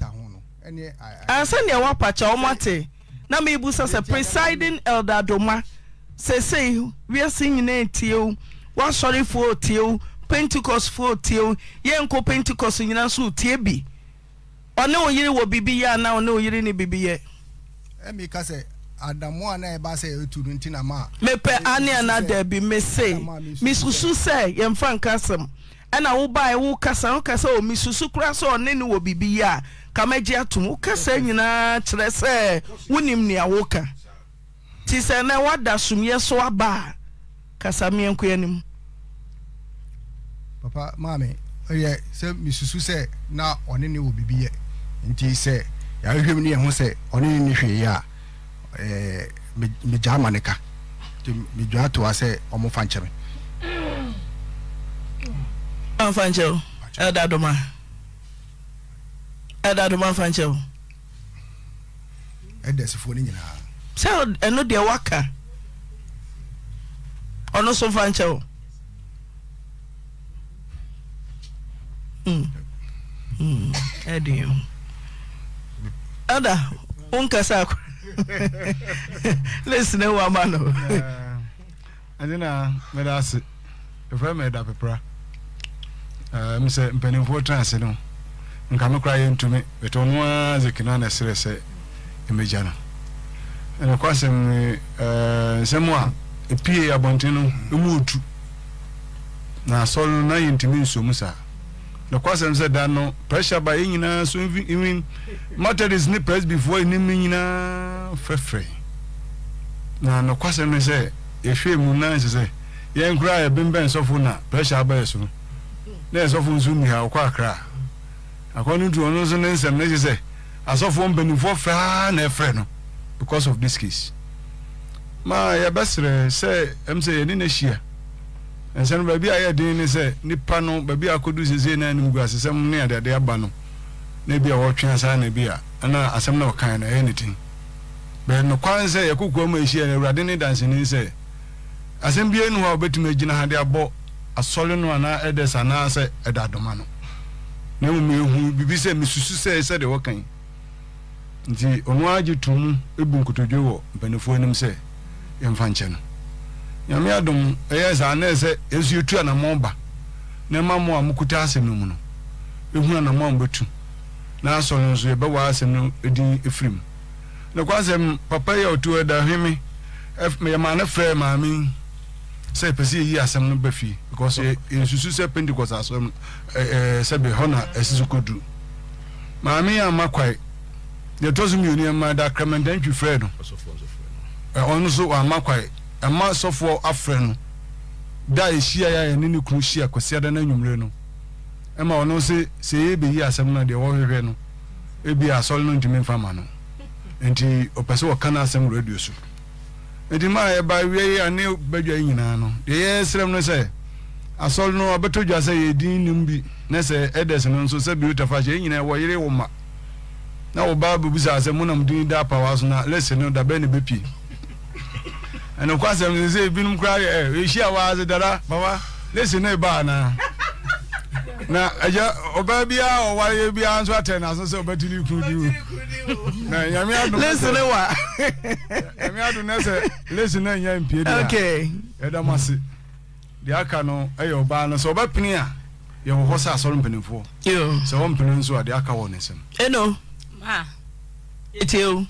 ta ho na mi bu sẹ́sẹ̀ presiding elder doma sẹ́sẹ́ wíẹ́sì nyina tiẹ́ o wàásọ̀rìfọ́ tiẹ́ o pentikostifoɔ tie o Ye nko pentecost nyina nso tie bi ɔne oyiri wɔ bibi yɛ anaa ɔne oyiri ne bibi yɛ. ɛmi kasɛ adamu a na ɛba sɛ ɛtu no nti ma. mepɛ ani ana dɛbi mese misusu sɛ yɛn fa nkasɛm ɛna woba a ɛwo kasa no kasa o misusu kura sɛ ɔne ne wɔ bibi yi a kamagye atum wokasa nyinaa kyerɛ sɛ wonim nea woka ti sɛ na wada sumiɛ so aba a kasa mmiɛnko anim. papa maame ɛyɛ sɛ misusu sɛ na ɔne ne wɔ bibi yɛ nti sɛ yɛahwehwɛ mu ne yɛn ho sɛ ɔne ne ne hwee yɛ Eh, me megyaa ma ne ka nti megyaa to wa sɛ ɔmo fa nkyɛn mi. ɔmfa nkyɛn o ɛda doma ɛda doma ɔmfa nkyɛn o. ɛda asifoɔ ne nyinaa. sɛ ɛno deɛ waka ɔno so mfa nkyɛn o. ɛdi ɛda wo nkasa akora. lesi na ewu ama no. ɛdi na mmeda ase efura mmeda pepera ɛɛ misɛ mpanimfoɔ tena ase no nka no kora yɛ ntumi bɛtɛ ɔno ara zekina na ɛsrɛ sɛ mmegya no ɛna kɔ asɛm ɛɛ nsɛm a epie abɔnten no emu otu na asɔre no na yɛ ntumi nsuo mu saa. nokwasɛm sɛ da no pressure ba yɛ nyinaa so even methodist ne before anim nyinaa fɛfrɛ na nokwasɛm ne sɛ yɛhwɛ mu na nhyɛ sɛ yɛn koraa yɛbembɛn sɔfo na pressure aba yɛ so no na ɛsɔfo nso mi ha ɔkɔ akra akɔ no tu ɔno nso ne nsɛm ne kyɛ sɛ asɔfoɔ mpanimfoɔ fraa na ɛfrɛ no because of this case ma yɛbɛserɛ sɛ ɛm sɛ yɛne no ahyia nsɛn baabi a yɛ den ne sɛ nipa no baabi a akɔdu sese na anim gu asesɛm ne adeade aba no na bi a wɔtwe asa na bi a ɛna asɛm na ɔkan na ɛyɛ ne tin bɛn kwan sɛ yɛkokɔ mu ahyia no awurade ne danseni sɛ asɛm bi enu hɔ a wɔbɛtumi agyina ha de abɔ asɔre no anaa ɛdɛs anaa sɛ ɛda adoma no na mu ehu bibi sɛ misusu sɛ sɛ de wɔkan nti ɔno agye tum ebu nkotodwe wɔ mpanimfoɔ anim sɛ yɛmfa nkyɛn no. nyame adom ɛyɛ saa na ɛsɛ ɛsu etu anammɔn ba na ɛma a mokuta asɛm no mu no ehu anammɔn a na asɔ nso yɛbɛwɔ asɛm no edi efiri mu na kɔ asɛm papa yi otu ɛda hweme ɛf yɛmaa ne frɛ maame sɛ yɛyi asɛm no fie because sɛ pentikɔs ɛɛ hɔ na ɛsi so maame yi a ma kwae deɛ so mmienu yɛn da ɛma asɔfoɔ afrɛ no da a yɛhyia yɛ a yɛne ne kunu hyia kwasiada no anwummerɛ no ɛma ɔno sɛ sɛ yɛbɛyi asɛm no deɛ wɔhwehwɛ no ebi asɔre no ntumi mfa ma no nti ɔpɛ sɛ wɔka no asɛm radio so nti ma yɛba awie yi a ne badwa yi nyinaa no deɛ yɛsrɛ m no sɛ asɔre no abɛtɔ dwa sɛ yɛdin nim bi na sɛ ɛdɛs no nso sɛ bio tafa hyɛ yɛnyinaa wɔyere wo ma na wɔba bɛbu sɛ asɛ mu nam din da apawa so na lɛsɛ no dabɛ ne bɛpie ɛnokwa sɛm sɛ sɛ ebinom kora ɛhyia waase dada papa ne si ne baa ana <laughs> na ɛgya ɔbaa biara ɔwareɛ biara nso atɛ n'aso sɛ ɔbɛtu ne kuru di na nyame adom lesi ne wa nyame adom ne sɛ lesi na nya mpie de a ɛda mo ase deɛ aka no ɛyɛ ɔbaa no sɛ ɔbɛpene a yɛwɔ hɔ sɛ asɔre mpanimfoɔ sɛ wɔmpene nso a deɛ aka wɔ ne nsɛm ɛno ma ɛtie o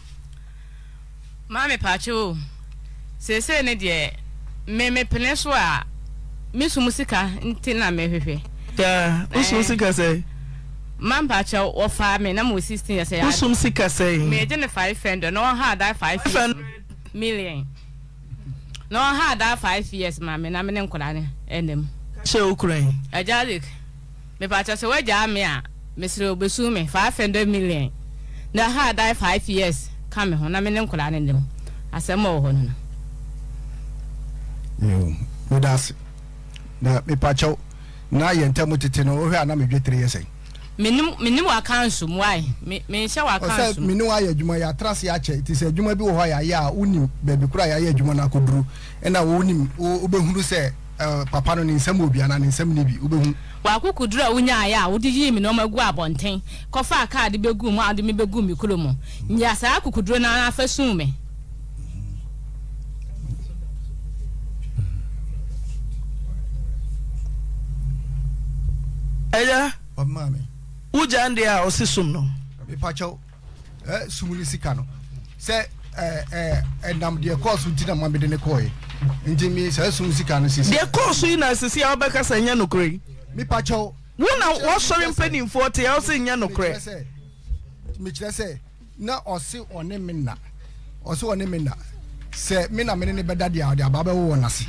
maa mepaakyɛ o seesei ne so a nti na mehwehwɛ wosum sika sɛ eh, me na ma sixteen sɛ wosum sika sɛ megye ne five hundred na da five million na ɔha da five years ma me na me ne nkɔla ne ɛnam hyɛ wo kura yi agya lik mepakyɛ sɛ woagyaa me a mesrɛ obesu me five million na ha da years ka me ho na me ne ne meda ase na mepakyɛw na yɛ ntam tete no wohwɛ a na medwe tere yɛ sɛn menim mene wayɛ adwuma yɛatra se akyɛ nti sɛ adwuma bi wɔ hɔ a yɛayɛ a wonim baabi kora yɛayɛ adwuma no akɔduru ɛna wonim wobɛhunu sɛ eh, papa no ne nsɛm ne nsɛm bi wobɛhu wakoko duro a a wode yii gu abɔnten a wode me bɛgu mu saa ɛyɛ wogya ndeɛ a ɔsi sum no mepakyɛw eh, sum no sika no sɛ ɛnam deɛ kɔɔ nti na ma mede ne kɔɔɛ nti me saa sum sika no sisi deɛ kɔɔ yi na sisi a wobɛka sɛ nyɛ nokorɛ yi mepakyɛw wona wɔsɔre mpanimfoɔ te a wosɛ nyɛ nokorɛ mekyerɛ sɛ na ɔse ɔne me na ɔse ɔne me na sɛ me na mene ne bɛda deɛ ɔde aba bɛwo wɔ n'ase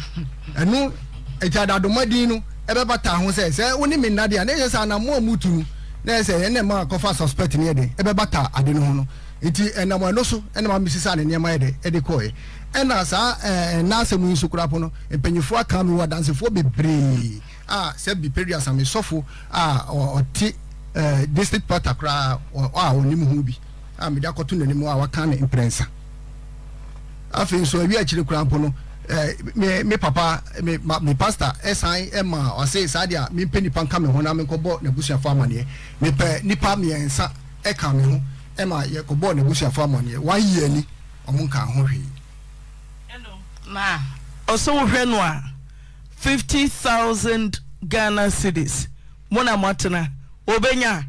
ɛno ɛti din no ɛbɛba taa ho sɛ sɛ wo ne me nna deɛ a ne yɛ sɛ anammɔ a mutu no na yɛ sɛ ɛnɛ ma akɔfa suspect ne yɛ dɛ ɛbɛba taa ade no ho no nti ɛnam ɛno so ɛnam amesisa ne nneɛma yɛ dɛ ɛde kɔɛ ɛna saa ɛɛ n'asɛm yi nso kura po no mpanyinfoɔ aka mi wɔ adansefoɔ bebree a sɛ bi peri asame sɔfo a ɔte district pata koraa a ɔnim ho bi a mede akɔto n'anim a waka ne mprɛnsa afei nso awia akyire kura po no me me papa me ma, me pastor ɛsan ɛma ɔse nipa nka ho na mekɔbɔ n'abusuafo amaneɛ mepɛ nipa mmiɛnsa ɛka me ho ɛma yɛkɔbɔ n'abusuafo ni ɔmo nka ho na ɔsɛ wohwɛ no a fifty thousand ghana cedis mo na mo atena wɔbɛnya.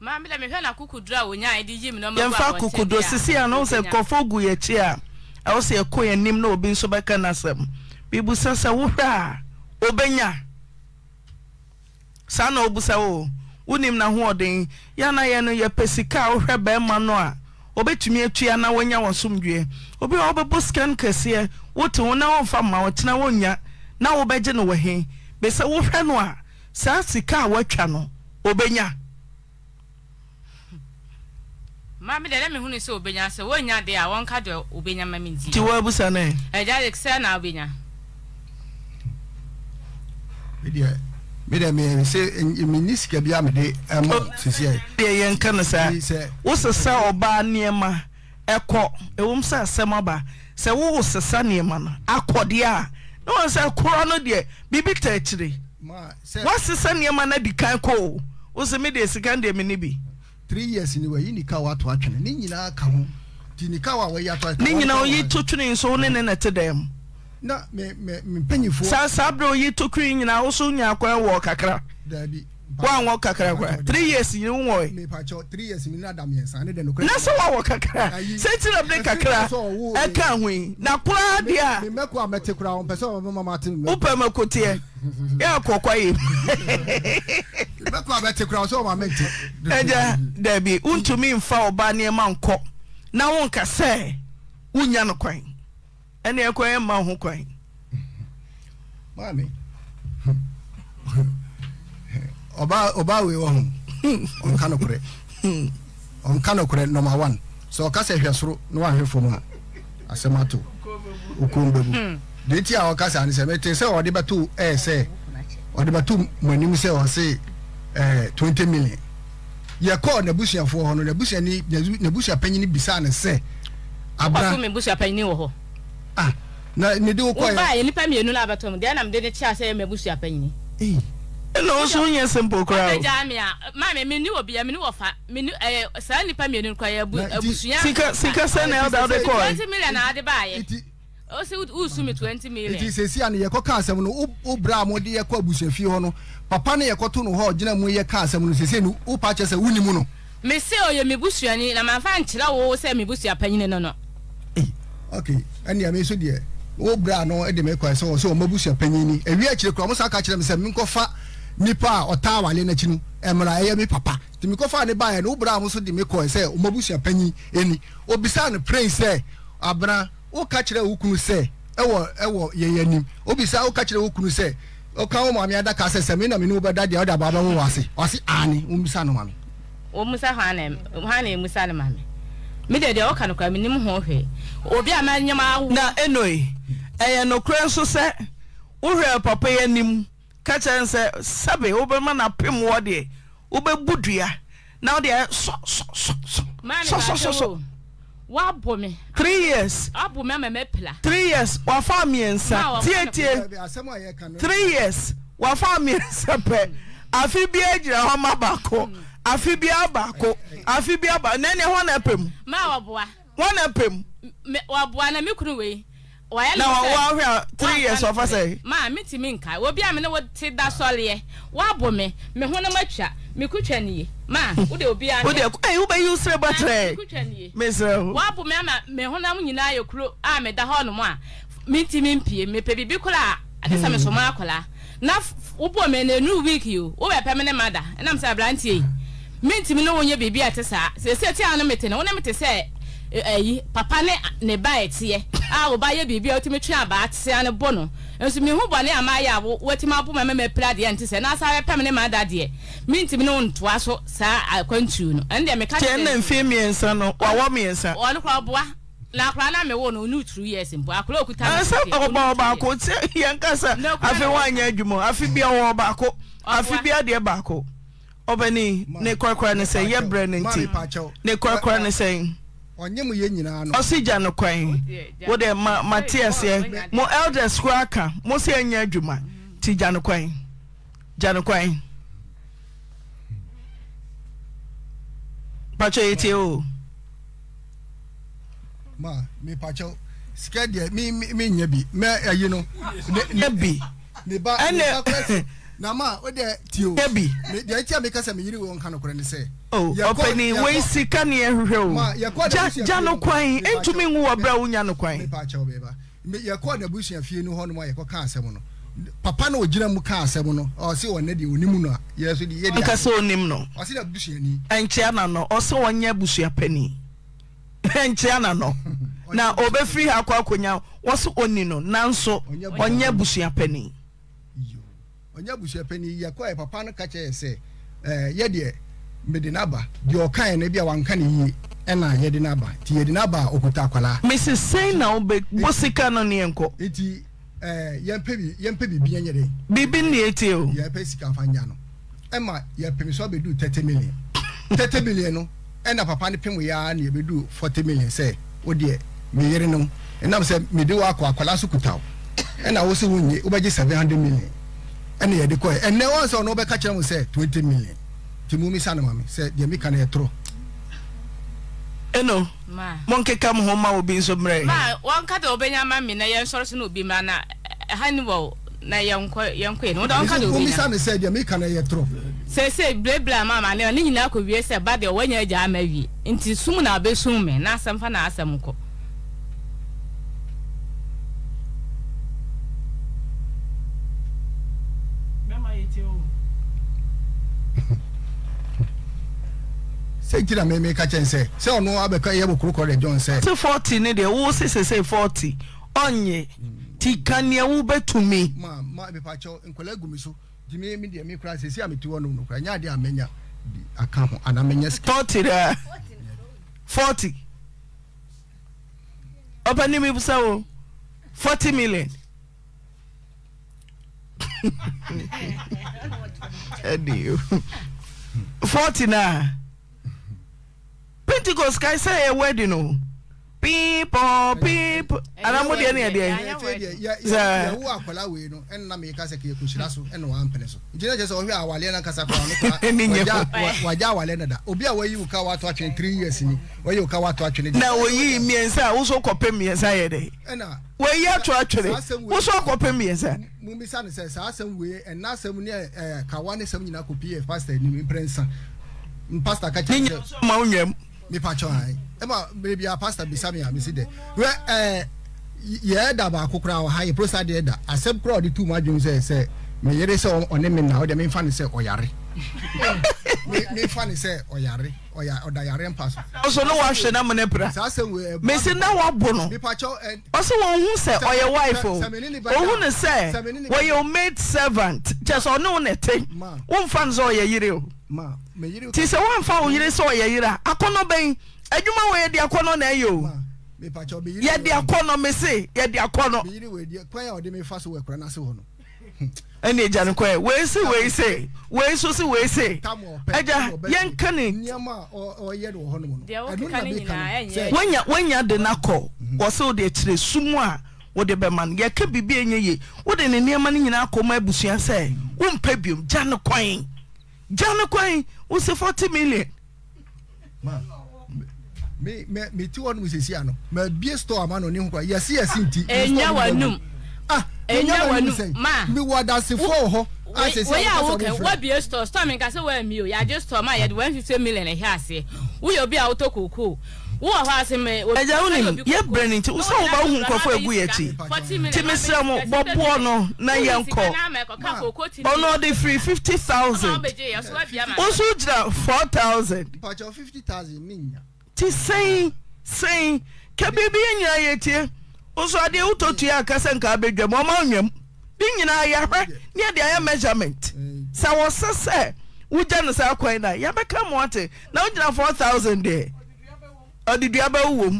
maame dɛ mehwɛ na kukuduro a wonya a yɛde yi na ɔmo bɔ kukuduro sisi sɛ gu yɛ a. ɛwɔ sɛ yɛkɔ yɛ na obi nso bɛka nosɛm bibusa sɛ wohwɛ a obɛnya saa na obusa woo oh, wonim nahoɔden yɛna yɛ no yɛpɛ sika a wohwɛ bɛrima no a obɛtumi atua na woanya wɔsomdwe obi a wobɛbɔ sika no kɛseɛ wote wo na wɔmfa ma wɔkyena wonya na wobɛgye no wɔ he bɛsɛ wohwɛ no a saa sika a woatwa no obɛnya maame deɛ ɛna mi huni sɛ obenya sɛ wonya deɛ a wɔnka deɛ obenya ma mi di. ti wɔ abusa nɛ. ɛgya de sɛ na obenya. medeɛ medeɛ meyɛ sɛ menni sika bi a mede ɛma oh. sisi ɛ. deɛ yɛnka no saa wosesa ɔbaa nneɛma ɛkɔ ɛwom sɛ asɛm aba sɛ wowosesa nneɛma no akɔdeɛ a na wɔn sɛ korɔ no deɛ biribi ta akyire wɔasesa nneɛma na adi kan kɔ o wosɛ medeɛ sika no deɛ me ne bi three years ni wɔyi nika wa ato atwene ne nyinaa ka ho ti nika wa wɔyi ato atwene. ne nyinaa oyi to twene nso ne ne na te dɛm. na mɛ mɛ mpanyinfoɔ. saa saa abiri oyi to twene nyinaa o so nya kakra. daabi woanwɔ kakra kora three years yini wowɔe na sɛ woawɔ kakra sɛntinam ne kakra ɛka hoe na koraa di a wopɛ makoteɛ yɛakɔkwa yɛ agya daabi wontumi mfa ɔba nneɛma nkɔ na wonka sɛ wonya no kwan ɛne ɛkwan ɛma wo ho kwan ɔbaa ɔbaa wei wɔ ho ɔnka no korɛ ɔnka no korɛ number one sɛ ɔka sɛ hwɛ soro na wahwɛ fam a asɛm ato okuom bɛbu hmm. deɛ ti a ɔka sɛ ane sɛ mete sɛ ɔde bɛto ɛɛ sɛ ɔde bɛto mo anim sɛ ɔse eh, 20 eh, million yɛkɔɔ n'abusuafoɔ hɔ no n'abusuani n'abusua panyin bisaa ne sɛ abra ɔkɔ so mi busua panyin wɔ hɔ ah na ne de wokɔ yɛ wo ba yɛ nipa mienu na abatɔ mu deɛ na mi de ne kyɛ sɛ yɛ mɛ busua panyin. ɛna o so nyɛ simple koraa o. ɔbɛgya mi a maame mi ni wɔ bia mi ni wɔ mi ni ɛɛ saa nipa mienu kura yɛ abusua. sika sika sɛ na ɛda ɔde kɔɔ. twenty million na ade baa yɛ o si o su mi twenty million. eti sisi ani yɛ kɔ kaa asɛm no o bra a mo de yɛ kɔ abusuafie hɔ no papa ni yɛ kɔ to no hɔ ɔgyina mu yɛ kaa asɛm no sisi ni o pa kyɛ sɛ wuni mu no. mesi oyɛ mi busuani na maa fa nkyerɛ wo sɛ mi busua panyin no no. Eh, ok ɛni ɛmi nso deɛ o bra no ɛdi mi kɔ ɛsɛ wɔ sɛ ɔmo ni ewia akyire kura ɔmo sa aka fa. nipa a ɔtaa wale n'akyi no mmerɛ ɛyɛ papa nti mekɔfaa ne baeɛ no wobra a mo so de me kɔɛ sɛ ɔmabusua panyin ɛni obisa no pren sɛ abena woka kyerɛ wo kunu sɛ ɛwɔ ɛwɔ yɛyɛ anim obisaa woka kyerɛ wo sɛ ɔka wo maame adaka sɛ sɛ me na me ne wobɛda deɛ wode abaaba wo wɔ ase ɔse aane wommisa no ma me wɔmusa hɔ ana musa no ma me mede deɛ ɔka no kora menim ho hwee obi a manyam awo na ɛnoi ɛyɛ nokorɛ nso sɛ wohwɛ papa yɛ anim kɛ kyɛn sɛ sɛbe wobɛma na pem wɔ deɛ wobɛbu dua na wode ɛafamiɛsiie yeas afamiɛs pɛ afe bia agyina hɔ ma baak afbiabaak fnen na wɔn ahwɛ three years ɔfa sɛ. maa mi ti mi nka obi a mi ne wo ti da sɔliɛ wabɔ mi mi ho ne ma twa mi ku twa nie maa o de obi a. o de ɛyi o bɛ yi o sere ba tɛrɛ mi sere o. wabɔ mi ama mi ho na mu nyinaa yɛ kuro a mi da hɔ nom a mi ti mi mpie mi pɛ bibi koraa ade sɛ mi sɔn mu akɔla na wobɔ mi na enu week yi o o bɛ pɛ mi ne ma da ɛnam sɛ aberanteɛ yi mi ti mi ne wo nye bibi a ti sa sɛ sɛ ti a no mi ti na wo ne mi ti sɛ ɛyi papa ne ne ba ɛteɛ e a ɔba yɛ biribi a wotumi twe abaa tea ne bɔ no nso mihu bɔne a maayɛ a watumi abo ma mɛmɛ pira deɛ nte sɛ n'asa bɛpɛm ne ma da deɛ mintimi ne ntoa so saa akwantuo no ɛne deɛ meka kyerɛ na mfe mmiɛnsa no wawɔ mmiɛnsa ɔno kora boa na akora na mewo no ne tru years mpo akora okuta no sɛ ɔba ɔbaako sɛ <laughs> yɛnkasa afei woanyɛ adwuma afe bia wɔ ɔbaako afe bia deɛ baako ɔbɛni ne korakora ne sɛ yɛbrɛ ne nti ne korakora ne sɛ ɔnyɛ mu yɛ nyinaa no. ɔsi gya no kwan wo de ma ma te aseɛ mo elders kura aka mo si enya adwuma mm. ti gya no kwan gya no kwan patsɔ yi tie o. ma mi patsɔ sikɛ deɛ mi mi mi nyɛ bi mɛ ɛyi no. nyɛ bi ɛnɛ. <laughs> na ma o de ti o. ebi. deɛ etia mi kasa mi yiri wɔn kan kora ne sɛ. o ɔpɛni wei sika ni ɛhwehwɛ o ja ja no kwan ntumi nwu wɔ bra wunya no kwan. mipa akyɛw bɛɛ ba yɛkɔ na busua fie no hɔ nom a yɛkɔ ka asɛm no papa no ogyina mu ka asɛm no si wɔn ne deɛ onim no a yɛsɛ de yɛ de. nkasa onim no. ɔsi na busua ni. ɛnkyɛn na no ɔsi wɔn nyɛ busua pɛni <laughs> ɛnkyɛn na no. <laughs> na obɛfiri ha akɔ akonnwa wɔso ɔni nanso ɔnyɛ busua pɛni. ɔnyɛ abusuapani yɛkɔ yɛ papa no ka kyerɛ sɛ ɛɛ eh, yɛdeɛ mede n'aba deɛ ɔkaeɛ no eh, bi a wanka ne yie ɛna yɛde n'aba nti yɛde n'aba a okuta mrs sèé na ọbẹ bó sika náà ni yẹn kọ. eti ɛɛ yɛn pɛ bi yɛn pɛ bi bi yɛn yɛ bibi ni eti o. yɛn pɛ sika fa nya no ɛma yɛn pɛmi sɔ bɛ du thirty million thirty million no ɛna papa ne pɛm yaa na bɛ du forty million sɛ o deɛ mi yɛrɛ no ɛnam sɛ mi de wa akɔ akwalaa so kuta o ɛna wosi wo nye bɛ gye seven hundred million. ɛna yɛde kɔɛ ɛnɛ wɔn sɛ ɔno bɛka kyerɛ mu sɛ twenty million ti mu mi sa no ma mi sɛ deɛ mi ka no yɛ toro. ɛnno mo nkeka mo ho ma obi nso mmerɛ. ma wɔn kata obɛnya ma mi na yɛn sɔrɔ so na obi ma na ɛha ni wɔ na yɛn kɔ yɛn kɔ yɛn no wɔn kata obɛnya. mo mi sa no sɛ deɛ mi ka no yɛ toro. sese bilebile ama ma ne ne nyinaa kɔ wie sɛ ba deɛ wɔnyɛ gya ama wie nti sum na abɛ sum mi na asɛm fa na asɛm kɔ. sɛ nti na mmɛmɛ kakyɛ nsɛ sɛ ɔno abɛka yɛ bɔ kurokɔ de jɔn sɛ. ti forty ni deɛ wo sese sɛ forty ɔnyɛ ti kaneɛ wo bɛtumi. maa maa ebi pa kyɛw nkɔla egu so jimi mi deɛ mi kura sisi a mi ti wɔ nom nokura nyaade a mɛnya aka ho ana mɛnya sika. forty dɛ forty ɔbɛ ni mi busa o forty million. ɛdi o forty naa pentecost kae sɛ yɛ wedding no pipo pipo anamodeɛ ne yɛdeɛyɛwo akwala wei no ɛnna meka sɛ yɛkɔhyira so ɛna wampene so nkyina kyɛ sɛ ɔhwɛ awaleɛ no ankasa kora wagya awaleɛ no da obi a wayi wo ka wato atwene 3 years ni wayi wo ka wato atwene na wɔyii mmiɛnsa a wo so kɔpɛ mmiɛnsa yɛ dɛ ɛna wɔyi ato atwene wo so kɔpɛ mmiɛnsa mumisa ne sɛ saa asɛm wei ɛna asɛm ne kawa ne sɛm nyinaa kɔpii yɛ pastor anim mprɛnsa pastor ka kyerɛ sɛ ma wo nwam mipatwa ayi ɛma beebi a pastor bisami a misi dɛ wɛ ɛɛ yɛ ɛda baako kora wɔ ha yɛ prosa deɛ ɛda asɛm kora ɔde tu mu adwene sɛ sɛ mɛ yɛrɛ sɛ ɔne mi na ɔde mi nfa ne sɛ ɔyare mi nfa ne sɛ ɔyare ɔya ɔda yare mpa so. ɔsɔ ne wahwɛ na mu ne pra mesi na wabo no ɔsɛ eh, wɔn hu sɛ ɔyɛ wife o ohun sɛ wɔyɛ o maid servant kyɛ sɛ ɔne wo ne te wɔn nfa ne sɛ ɔyɛ yere o ti sɛ wɔmfa wo yere sɛ ɔyɛ yere a akɔnɔ bɛn adwuma wɔ yɛde akɔnɔ na ɛyɛ o yɛde akɔnɔ mese yɛde akɔnɔ <laughs> ɛne agya no kɔɛ wei se wei se wei so se wei se agya yɛnka ne wanya de no kɔ mhm. wɔ sɛ wode akyirɛ su mu a wode bɛma no yɛka biribi ɛnyɛ ye wode ne nneɛma no nyinaa kɔ ma abusua sɛ mhm. wompɛ biom gya no kwan gya no kwan o se forty million. ma mi mi mi ti wọn mu sisi ano mɛ bie store ama na oni nkwa yasi yasi nti. enya eh, ah, eh, wa num enya wa num ma mi wɔ dasifo wɔ hɔ wòye àwọn kẹ wọ́n bìí store store mi nka sẹ́ wọ́n mi o yàgé store ma yẹ di one fifty million ẹ̀ hẹ́ àṣẹ wúyọ̀ bí i àwọn tó kòkó. aa wonyɛ bɛni wos woba wohu kfogi ti misrɛ m bboɔ no na yɛnkɔɔno de fr 50000 woso wogyina 000 nti s ka birbi yɛnyina yɛtie so adeɛ wotɔtoeɛ aka sɛ nka bam ɔmawam e nyinaayɛh ne ade ɛmesument sɛ wɔs sɛ wogya no saa kwan no yɛbɛka maate na wogyina000 e ọdịdịa bụ awụwo m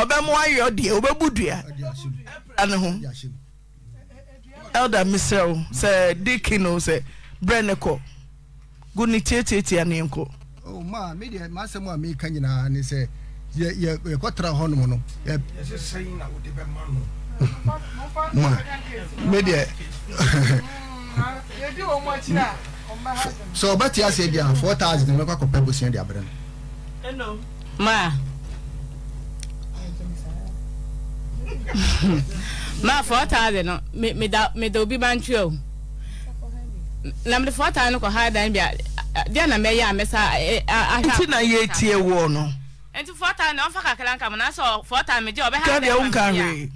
ọbịamụ <laughs> ayọ deɛ ọbɛbu anụhụ Elda misrel maa mi a mi ka nyinaa ni yɛ yɛ no. yɛ sɛyin na o de bɛ ma di wɔn <laughs> four thousand kɔ di ma ma four thousand no me me da me da obi bantwi o na mede four thousand no kɔ ha dan bi a deɛ na mɛyɛ a mɛsa eh, eh, ahwɛ. Ah, nti na yɛ etie wɔ no. nti four thousand na ɔnfa kakra nka na sɔ four thousand mi gye ɔbɛha dan ma mi yɛ a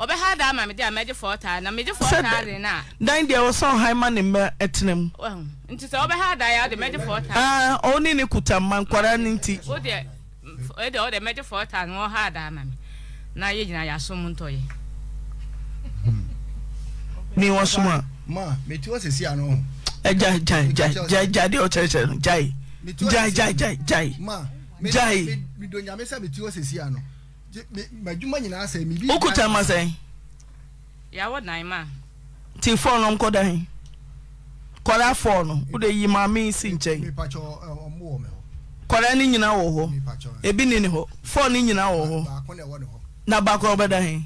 ɔbɛha da ama mede a mɛgye fɔ na megye fɔ taa de na. dan deɛ wɔsɛ ɔhan ma ne mma ɛtena mu. nti sɛ ɔbɛha da yɛ ɔde mɛgye fɔ taa. Ah, ɔn ne ne kuta mma nkwaraa ne nti. o deɛ o deɛ ɔde mɛgye fɔ na ɔha da ama mi na yɛ gyina yɛ asom ntɔ yɛ. Hmm. ni wɔn som a. ma meti wɔ sisi ano. Jai jai jai jai gya deɛ ɔkyerɛkyerɛ no jai. Jai jai jai jai. ma mi do nyame sɛ meti wɔ sisi ano. okuta ma sɛn. yàwó nan ma. ti fɔɔnù nkɔda yin kɔda fɔɔnù o de yi maame si nkyɛn kɔda ni nyinaa wɔ hɔ ebi ni ni hɔ fɔɔnù nyinaa wɔ hɔ na baako ɔbɛda yin.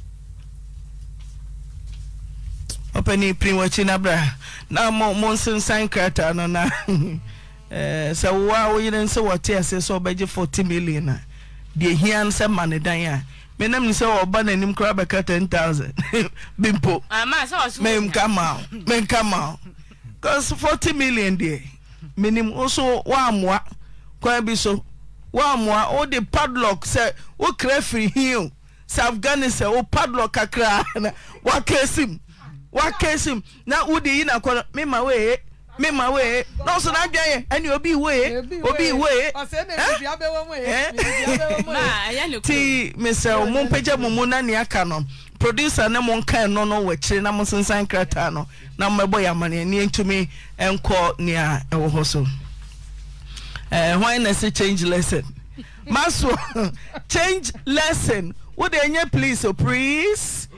<laughs> ɔpɛni pirin wɔ akyi na bra na mo mo nsensan krataa no na. <laughs> Eh, sɛ woa woyerɛ sɛ wtease sɛ e 0i menam sɛ wba noni aɛka 000a woka fre isɛ afganita a me ma wee nọọsụ na eh? abịa eh? ya ẹni obi iwe ye obi iwe ye ti mesịa mụ mpegya mụ mụ naanị aka nọ producer ne mụ nka nọ nọ wọ akyire na mụ sensan krataa nọ na mmebọ ya amanịanị ntumi nkọ nea ɛwɔ hɔ so ɛɛ eh, hwan na ɛsɛ change lesson maso <laughs> change lesson wode enye please oh please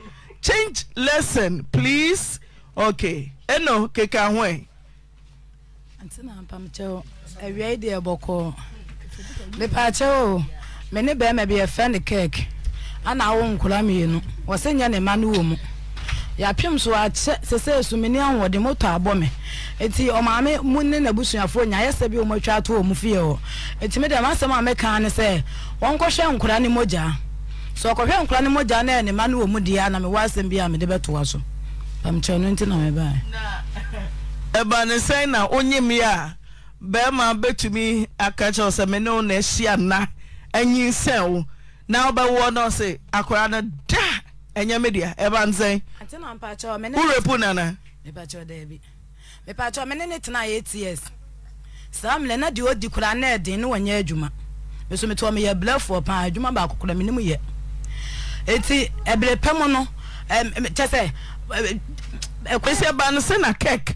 change lesson please okay ɛnọ keke ahụ ɛ nti na mpamekyɛw awia yi deɛ bɔkɔɔ mepaakyɛw me ne bɛrima bi yɛfɛ ne kɛɛke ana awo nkora mmienu wɔsɛ nyɛ ne ma no wɔ mu yɛapem so akyɛ sɛsɛ su me ne ahoɔden moto abɔ me nti ɔmaame mu ne n'abusuafoɔ nya ayɛ sɛ bi wɔn atwa ato wɔn fie hɔ nti me deɛ masɛm a meka ne sɛ wɔnkɔhwɛ nkora ne mogya so ɔkɔhwɛ nkora ne mogya na ɛne ma no wɔ mu deɛ na mewɔ asɛm bi a mede bɛtoa so pamkyɛw no nti na mebae ebe ne sɛn na onyim ya a bɛrima bɛtumi aka kyerɛ sɛ me ne wo na ahyia na anyi sɛn wo na wobɛwoɔ na ɔse akora no da ɛnyɛ me dea ɛba nsɛn worepu nana mepatwɛ mene ne tena ats saa mmerɛ na deɛ ɔdi koraa na ɛden ne wɔnyɛ adwuma meso metoɔ meyɛ blɛfoɔ paa adwuma baako kora menim yɛ ɛnti ɛberɛ pɛ mu no kyɛ sɛ ɛkɔsi ɛba no sɛ na kɛk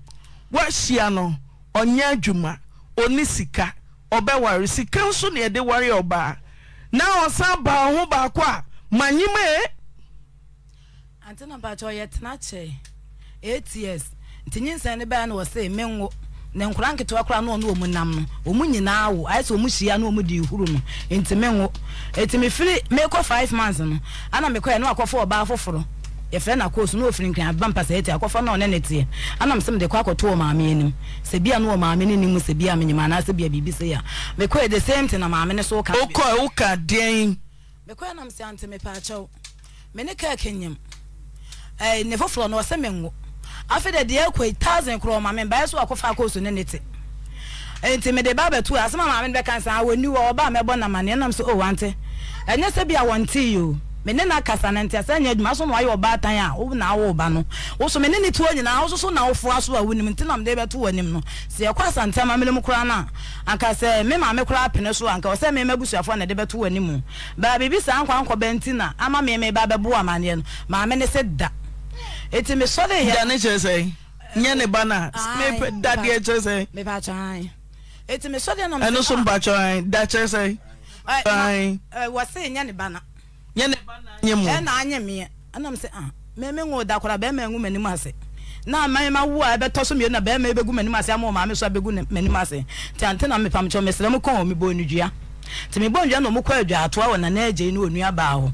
woahyia no ɔnyɛ adwuma ɔne sika ɔbɛware sika nso na ɛde ware ɔbaa na ɔsan baa ho baako a manyima e ne nkora nketewa kora na ɔno ɔmu nam no ɔmu nyinaa wo ayɛ sɛ hyia na ɔmu de ehuru no nti me nwo nti mefiri mekɔ five months no ana mekɔ yɛ no akɔfo ɔbaa foforɔ yɛfrɛ no akɔɔ so na ɔfiri nkran aba mpasa ɛti akɔfa na ɔne ne teɛ ana mesɛ mede kɔ akɔto wɔ maame anim sɛ bia no wɔ maame no nim sɛ bia menyima anaasɛ bia biribi sɛ yɛ a mekɔɛ the same ti na maame no so woka wokɔ woka deɛn mekɔɛ nam sɛ ante mepaakyɛw mene kaa kanyam ne foforɔ no ɔsɛ menwo afei dɛ deɛ kɔ thousand korɔ ma baɛ so akɔfa akɔɔ so ne ne te nti mede ba bɛto asɛm a maame no bɛka sɛ awɔni wɔ ɔba mɛbɔ namaneɛ nam sɛ o oh, ɛnyɛ sɛ bia wɔntee o mene na kasa na ntị asa nya adwuma so na wayɛ a wo na awo no wo so na wo foa so a wonim na mde bɛto w'anim no sɛ no a anka sɛ me pene so anka me mabusuafoɔ na de bɛto w'anim mu baa biribi saa nkwa nkɔbɛ nti na ama me me ba no ne da yɛ da ne kyerɛ sɛ nyɛ na da deɛ kyerɛ sɛ na da kyerɛ sɛ nyɛ ne ba na nyɛ ne ba na anyɛ mu ɛna anyɛ meɛ ɛna m sɛ ah mɛmɛ ŋo da kora bɛrima ŋu m'anim ase na mɛmɛ wu a ɛbɛtɔ so mmienu na bɛrima ɛbɛgu m'anim ase ama maame so abɛgu m'anim ase nti ante na mepam kyɛw mesrɛ mu kɔn mi bɔ onudua nti mi bɔ onudua na ɔmo kɔ adwa atoa wɔ nana agye ne onua baa hɔ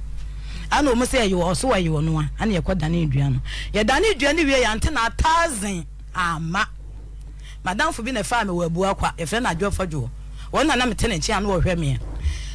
ana ɔmo sɛ ɛyɛ ɔso ɛyɛ ɔno a ana yɛkɔ dane dua no yɛdane dua no wie yɛ ante na ataazen ama madamfo bi na ɛfaa mi wɔ abua kwa yɛfrɛ no adwɔfɔ dwo wɔn na na mete ne nkyɛn ano wɔhwɛ meɛ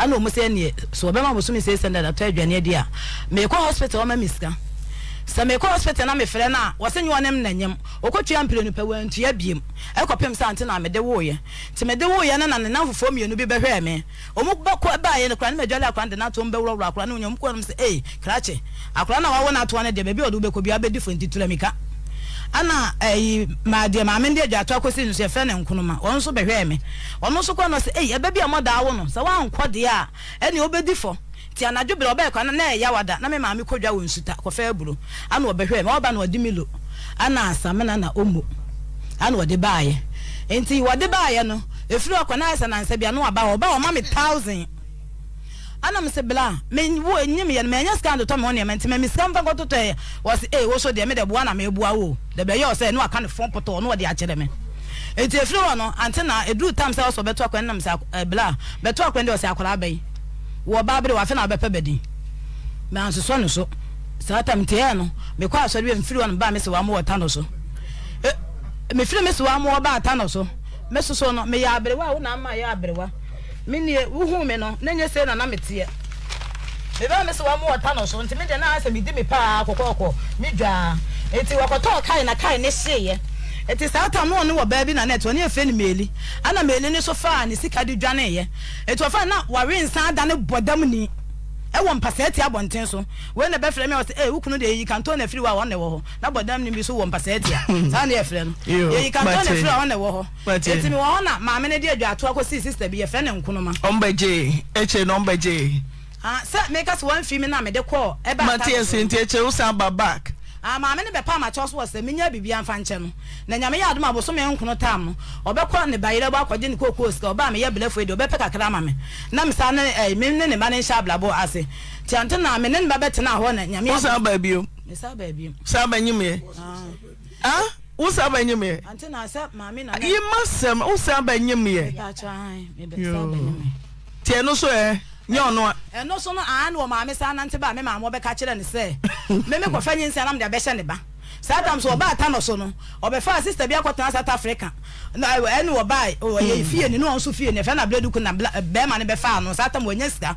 ɛna ɔmo sɛ ɛneɛ so ɔbɛma bosomi six hundred atɔ aduane adi a mekɔ hospital ɔma mi sika sɛ mekɔ hospital na mefrɛ no a wɔse nyɛ ɔnem nanyam ɔkɔtua mprɛnu pɛ wantua biam ɛkɔpem sɛ ante na mede woyɛ nti mede woyɛ no na ne nam fofoɔ mmienu bi bɛhwɛɛ me ɔmu bɛkɔ baayɛ no kora ne madwale akora de natom bɛworɔworɔ akora ne onyam kɔnom sɛ ei krakye akora na wawo no atoa no deɛ baabi a ana ɛyi eh, maa maame ndi adwa ato akɔsi nso efe na nkunuma wɔn nso bɛhwɛ eme wɔn nso kwa na sɛ eyi ebe bi a mɔda awo no sɛ wankɔ deɛ a ɛni obedi fɔ ti anadwo bere ɔbɛɛ kɔ na ɛyɛ wada na mi maame kɔ dwa wɔ nsuta kɔfɛ eburo ana ɔbɛhwɛ mi ɔba na ɔdi mi lo ana asamina na omo ana ɔde baayɛ nti wɔde baayɛ no efiri ɔkɔ na ayisa na nsabi anụ ano aba ɔba mi thousand ana m sị bla mewu enyi m ya na menye sika ndụtọ m ọ na-eme ntị mmemme sika mfa nkọtụtọ ya wọsị ee woso dị de debụwa na m ebuwa wo debe ya ọsọ enu aka na fọn pụtọ ọnụ ọ akyerɛ m eti efiri hɔ no ante na eduru tam sɛ ɔsɔ bɛtɔ akwa nam sɛ ɛbla eh, bɛtɔ akwa ndị ɔsɛ akwara abɛyi wɔ ɔbaa bere wafe na abɛpɛ bɛdi mɛ asosɔ ne so saa tam teɛ no mekɔ asɔre bi mfiri hɔ no baa mesi wa mo wɔ ta no so mefiri mesi wa mo wɔ no so mesoso no meyɛ aberewa a wo na ama yɛ aberewa menie wohu me no na nyɛ sɛ nana meteɛ mebɛ me sɛ wama wɔta no so nti mede na sɛ medi me paa kɔkɔɔkɔ me dwaa nti wɔkɔtɔɔ kae na kae ne hyeeɛ nti saa tam no ɔne wɔ baabi na net ɔne afei no meeli ana meeli ne so faa ne sika de dwaneeɛ nti ɔfa na warensan adane bɔdam nii ɛwɔ mpasa ɛte abɔnten so wɔn na bɛfrɛ mi a wɔsɛ ee eh, wukunu de eyi kantɔn na efiri hɔ a wɔn na ɛwɔ hɔ na bɔdam ni bi so wɔ mpasa ɛte a saa na yɛfrɛ no eyi kantɔn na efiri hɔ a wɔn na ɛwɔ hɔ eti mi wɔ hɔ na maame ne de adwa ato akɔsi sista bi yɛfrɛ ne nkunuma. ɔmbɛgye ekye na ɔmbɛgye. Ah, sɛ meka sɛ wɔn fi mi na mede kɔ ɛbɛ ata. mate ɛsɛ nti ekye wosan ba back. Ah, maame ne bɛpa amakyɛ so wɔ sɛ menya biribi amfa nkyɛ no na nyame yɛ adom abosome nkono tam no ɔbɛkɔ ne bayerɛ bɔ akɔgye ne kokoo sika ɔbaa meyɛ belɛfoe deɛ ɔbɛpɛ kakra ma me na mesa ne eh, me ne ne ma ne nhyɛ abrabɔ ase tiante na me ne ne ba bɛtena hɔ na nyame wosa baa bio mesa baa bio saa bɛnyemeɛ ah. ah? wosa bɛnyemeɛ yima sɛm wosa bɛnyemeɛ tiɛ no so ɛ nye ɔno a. ɛno eh, so no aa ah, na wɔ maame saa nante ba a me maame ɔbɛka kyerɛ ne sɛ meme <laughs> kɔfɛ nyi nsɛn nam de abɛhyɛ ba saa tam so ɔbaa ta no so no ɔbɛfa a sista bi akɔtena south africa na eh, ɛne ɔbaa ɔyɛ fie ne ne nso fie ne fɛ na abireduku na eh, bɛrima ne bɛfa ano saa tam wɔnyɛ sika.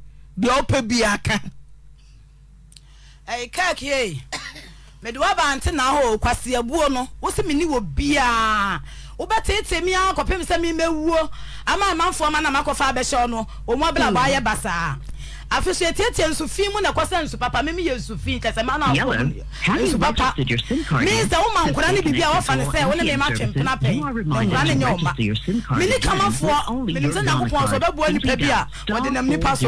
deɛ ɔpɛ bia ka kakei mede woabante na hɔ kwaseabuo no wo sɛ menni wɔ biaa wobɛteetee mi ara kɔpem sɛ memɛwuo ama amanfoɔ ma na makɔfa abɛhyɛ no ɔmu abrabɔ hmm. ayɛ basaa afi so etietie nsufin mu na kɔsɛ nsupapa mimi yɛ nsufin kyɛsɛmɛ ana afɔ nsupapa mi sɛ woma nkura ne bibi a wɔfa ne sɛ wɔne mi ma twɛn pena pɛn nkura ne nyɛ ɔma mini kamafoɔ mini sɛ nakopɔn so ɔbɛboa nipa bi a wɔde nam nipa so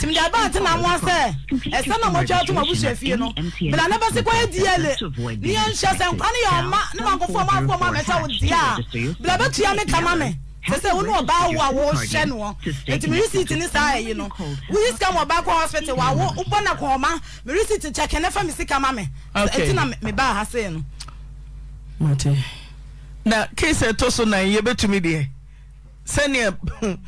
tìmidi aba ati na amoa sɛ ɛsɛ na mo twɛ ato mo abusua fie no bila ne bɛ se kɔ edie le ni yɛn nhyɛ sɛ nkura ne yɛ ɔma ne ma nkɔfoɔ mo afɔ mo amɛsɛ wo di a bila bɛ tuya mi kama mi sese wo ni ọba awo awo hyɛ no wɔn nti mi receipt ni saa ɛyi no wo yi sika mu ɔba kɔ hospital wa wo bɔ na kɔɔma mi receipt kyɛkɛ ne fa mi sika ma mi eti na mi ba ha se no. na case ɛtɔ so na yɛ bɛtumi deɛ sɛnea